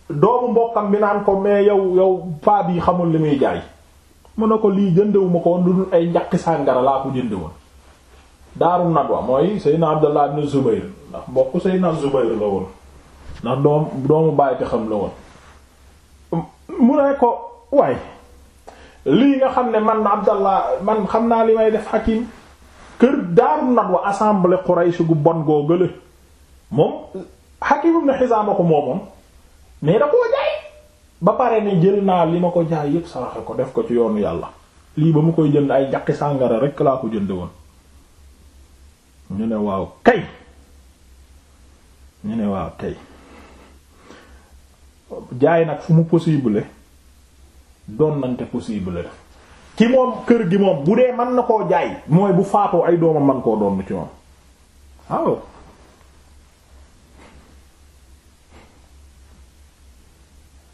doomu mbokkam bi naan ko mais yow yow paa bi xamul li muy jaay mu ne ko lii jëndewuma ko woon lu dul ay njaqi sàngara laa ko jënde woon daaru nadwa mooy Seydina Abdallah ibn Zubayr ndax mbokk Seydina Zubayr la woon ndax doom doomu bàyyi te xam la woon mu ne ko waay lii nga xam ne man Abdallah man xam naa li may def Hakim kër daaru nadwa assemblée Quraysh gu bon goo gële moom Hakim ibn Hizam ko moomoon mais da koo jaay ba pare ne jël naa li ma ko jaay yépp saraxe ko def ko ci yoonu yàlla lii ba mu koy jënd ay jaqi sàngara rekk laa ko jënd woon ñu ne waaw kay ñu ne waaw kay jaay nag fu mu possible doon nante possible ci moom kër gi moom bu dee mën na koo jaay mooy bu faatoo ay doomam man koo doon ci moom waaw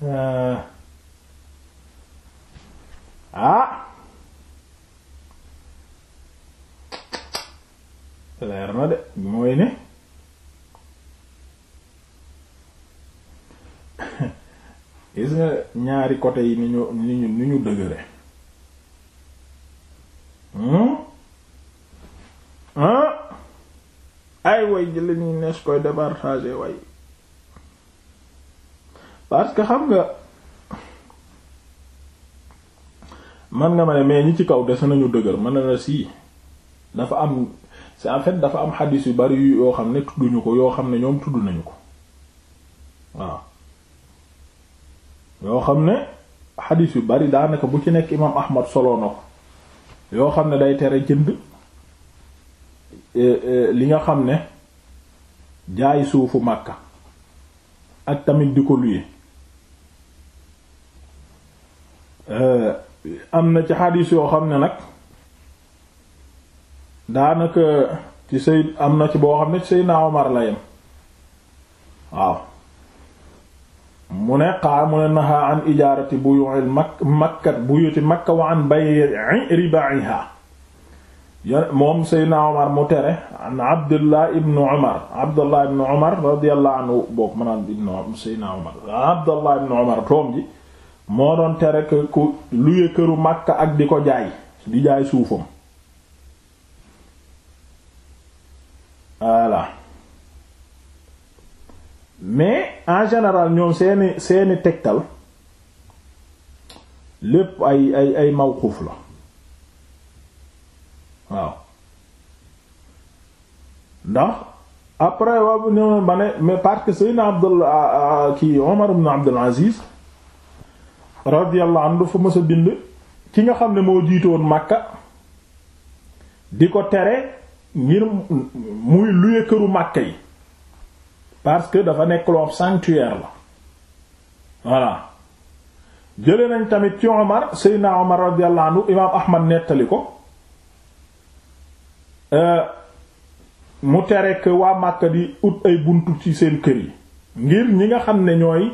euh. ah leer na de mooy ne gis nga ñaari côté yi ni ñu ni ñu dëgëre hmm? ah ay way jële ni nees koy départager way parce que xam nga man nga ma ne mais ñi ci kaw des nañu dëgër mën na la sii dafa am c'est en fait dafa am xadis yu bari yoo xam ne tudduñu ko yoo xam ne ñoom tudd nañu ko waaw yoo xam ne xadis yu bari daanaka bu ci nekk imaam Ahmad solo na ko yoo xam ne day tere jënd eh, eh, li nga xam ne jaay suufu Makka ak tamit di ko luye eh, am na ci xadis yoo xam ne nag daanaka ci sëy am na ci boo xam ne ci Seydina Omar la waaw mu ne mu ne nahaa an ijaarati buyu'il mak makkat buyuti makka wa an bay'i riba'iha moom Seydina Omar mu tere an Abdullah ibn Omar Abdullah ibn Omar radiyallahu anhu bokk mën naan ibn Abdullah ibn Omar toom ji moo doon tere ku luye këru makka ak di ko jaay di jaay suufam voilà mais en général ñoom seeni seeni tegtal lépp ay ay mawquuf la waaw ndax après waaw ñoom ma ne mais parce que Seydina Abdul kii Omar ibn Abdul Aziz radiyallahu anhu dafa mës bind ki nga xam ne moo jiitoon Makka di ko tere ngir muy luye këru Makka yi parce que dafa nekk loo sanctuaire la voilà jële nañ tamit ci Omar Seydina Omar radiyallahu anhu imaam Ahmad nettali ko euh, mu tere waa Makka di ut ay buntu ci seen kër yi ngir ñi nga xam ne ñooy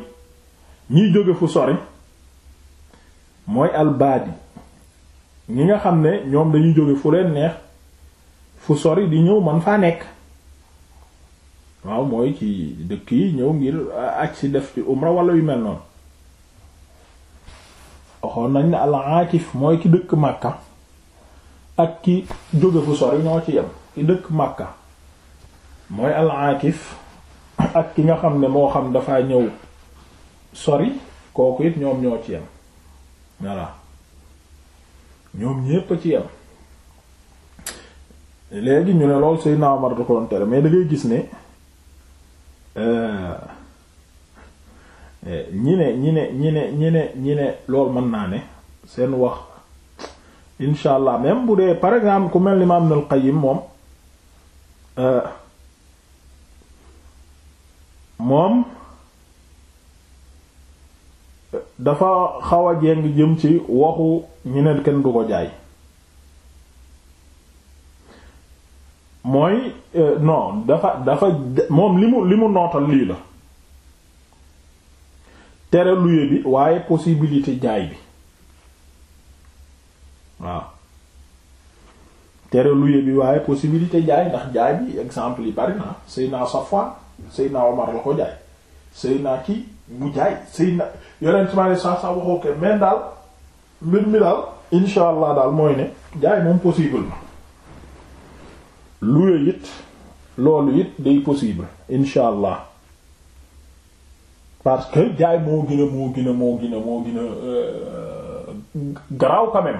ñiy jóge fu sori mooy albaadi ñi nga xam ne ñoom dañuy jóge fu leen neex fu sori di ñëw man faa nekk waaw mooy ci dëkk yi ñëw ngir ah, aj si def ci umra wala yu mel noonu waxoon nañ ne al aakif mooy ki dëkk Makka ak ki jóge fu sori ñoo ci yem ki dëkk Makka mooy al ak ki nga xam ne moo xam dafa ñëw sori kooku it ñoom ñoo ci yem voilà ñoom ñépp a ci yem léegi ñu ne lool Seydina Omar da mais da ngay gis ne euh, ñi ne ñi ne ñi ne ñi ne ñi ne lool mën naa ne seen wax insha allah même bu dee par exemple ku mel ni Imaam Ibnul Qayyim moom euh, moom euh, dafa xaw a jéng jëm ci waxu ñu ne kenn du ko jaay mooy euh, non dafa dafa moom li mu li mu nootal lii la tere luye bi waaye possibilité jaay bi waaw tere luye bi waaye possibilité jaay ndax jaay bi exemple yi bari na Seydina Safwan Seydina Omar la ko jaay Seydina kii mu jaay Seydina yonent ma ne sax sax waxoo ko mais daal mbir mi daal insha allah daal mooy ne jaay moom possible na luye it loolu it day possible incha allah parce que jaay moo gën a moo gën moo gën a moo gën euh, garaaw quand même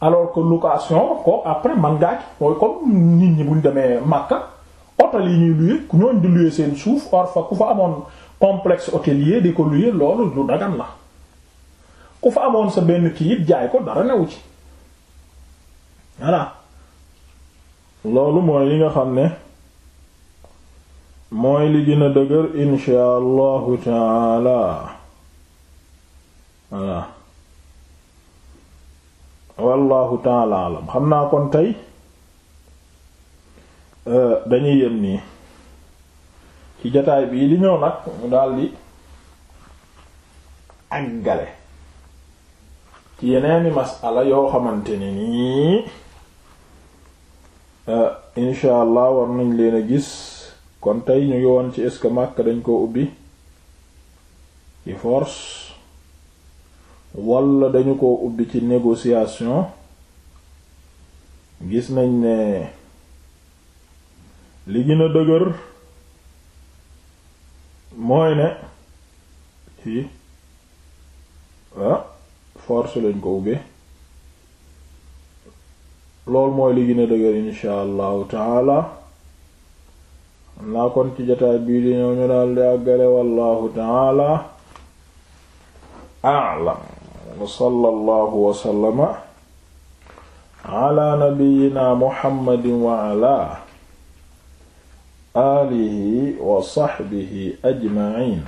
alors que location ko après man ngaa ci mooy comme nit ñi buñ demee Makka hôtel yi ñuy luye ñooñ di luye seen suuf or fa ku fa amoon complexe hôtelier di ko luye loolu lu dagan la ku fa amoon sa benn kii it jaay ko dara newu ci voilà loolu mooy li nga xam ne mooy li gën a dëgër insha allahu taala voilà wallahu taala alam xam naa kon tey euh, dañuy yem nii ci jataay bii li ñëw nag mu daldi àggale ci yeneeni masala yoo xamante ni nii Eh, incha allah war nañ leen a gis kon tey ñu ngi woon ci est-ce que Makka dañ koo ubbi ci force walla dañu koo ubbi ci négociation gis nañ ne li gën a dëgër mooy ne fii ah eh, force lañ ko ubbi loolu mooy li gën a dëgër taala naa kon ci jotaay bii di ñëw ñu daal di àggale wallahu taala a'lam wa wa sallama ala nabiyyina muhammadin wa ala alihi wa sahbihi ajma'in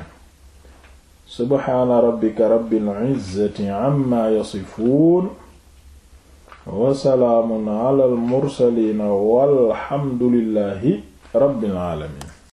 subhana rabbika rabbil izzati amma yasifun wasalaamun ala almursaliina walhamdulillahi rabbil alamin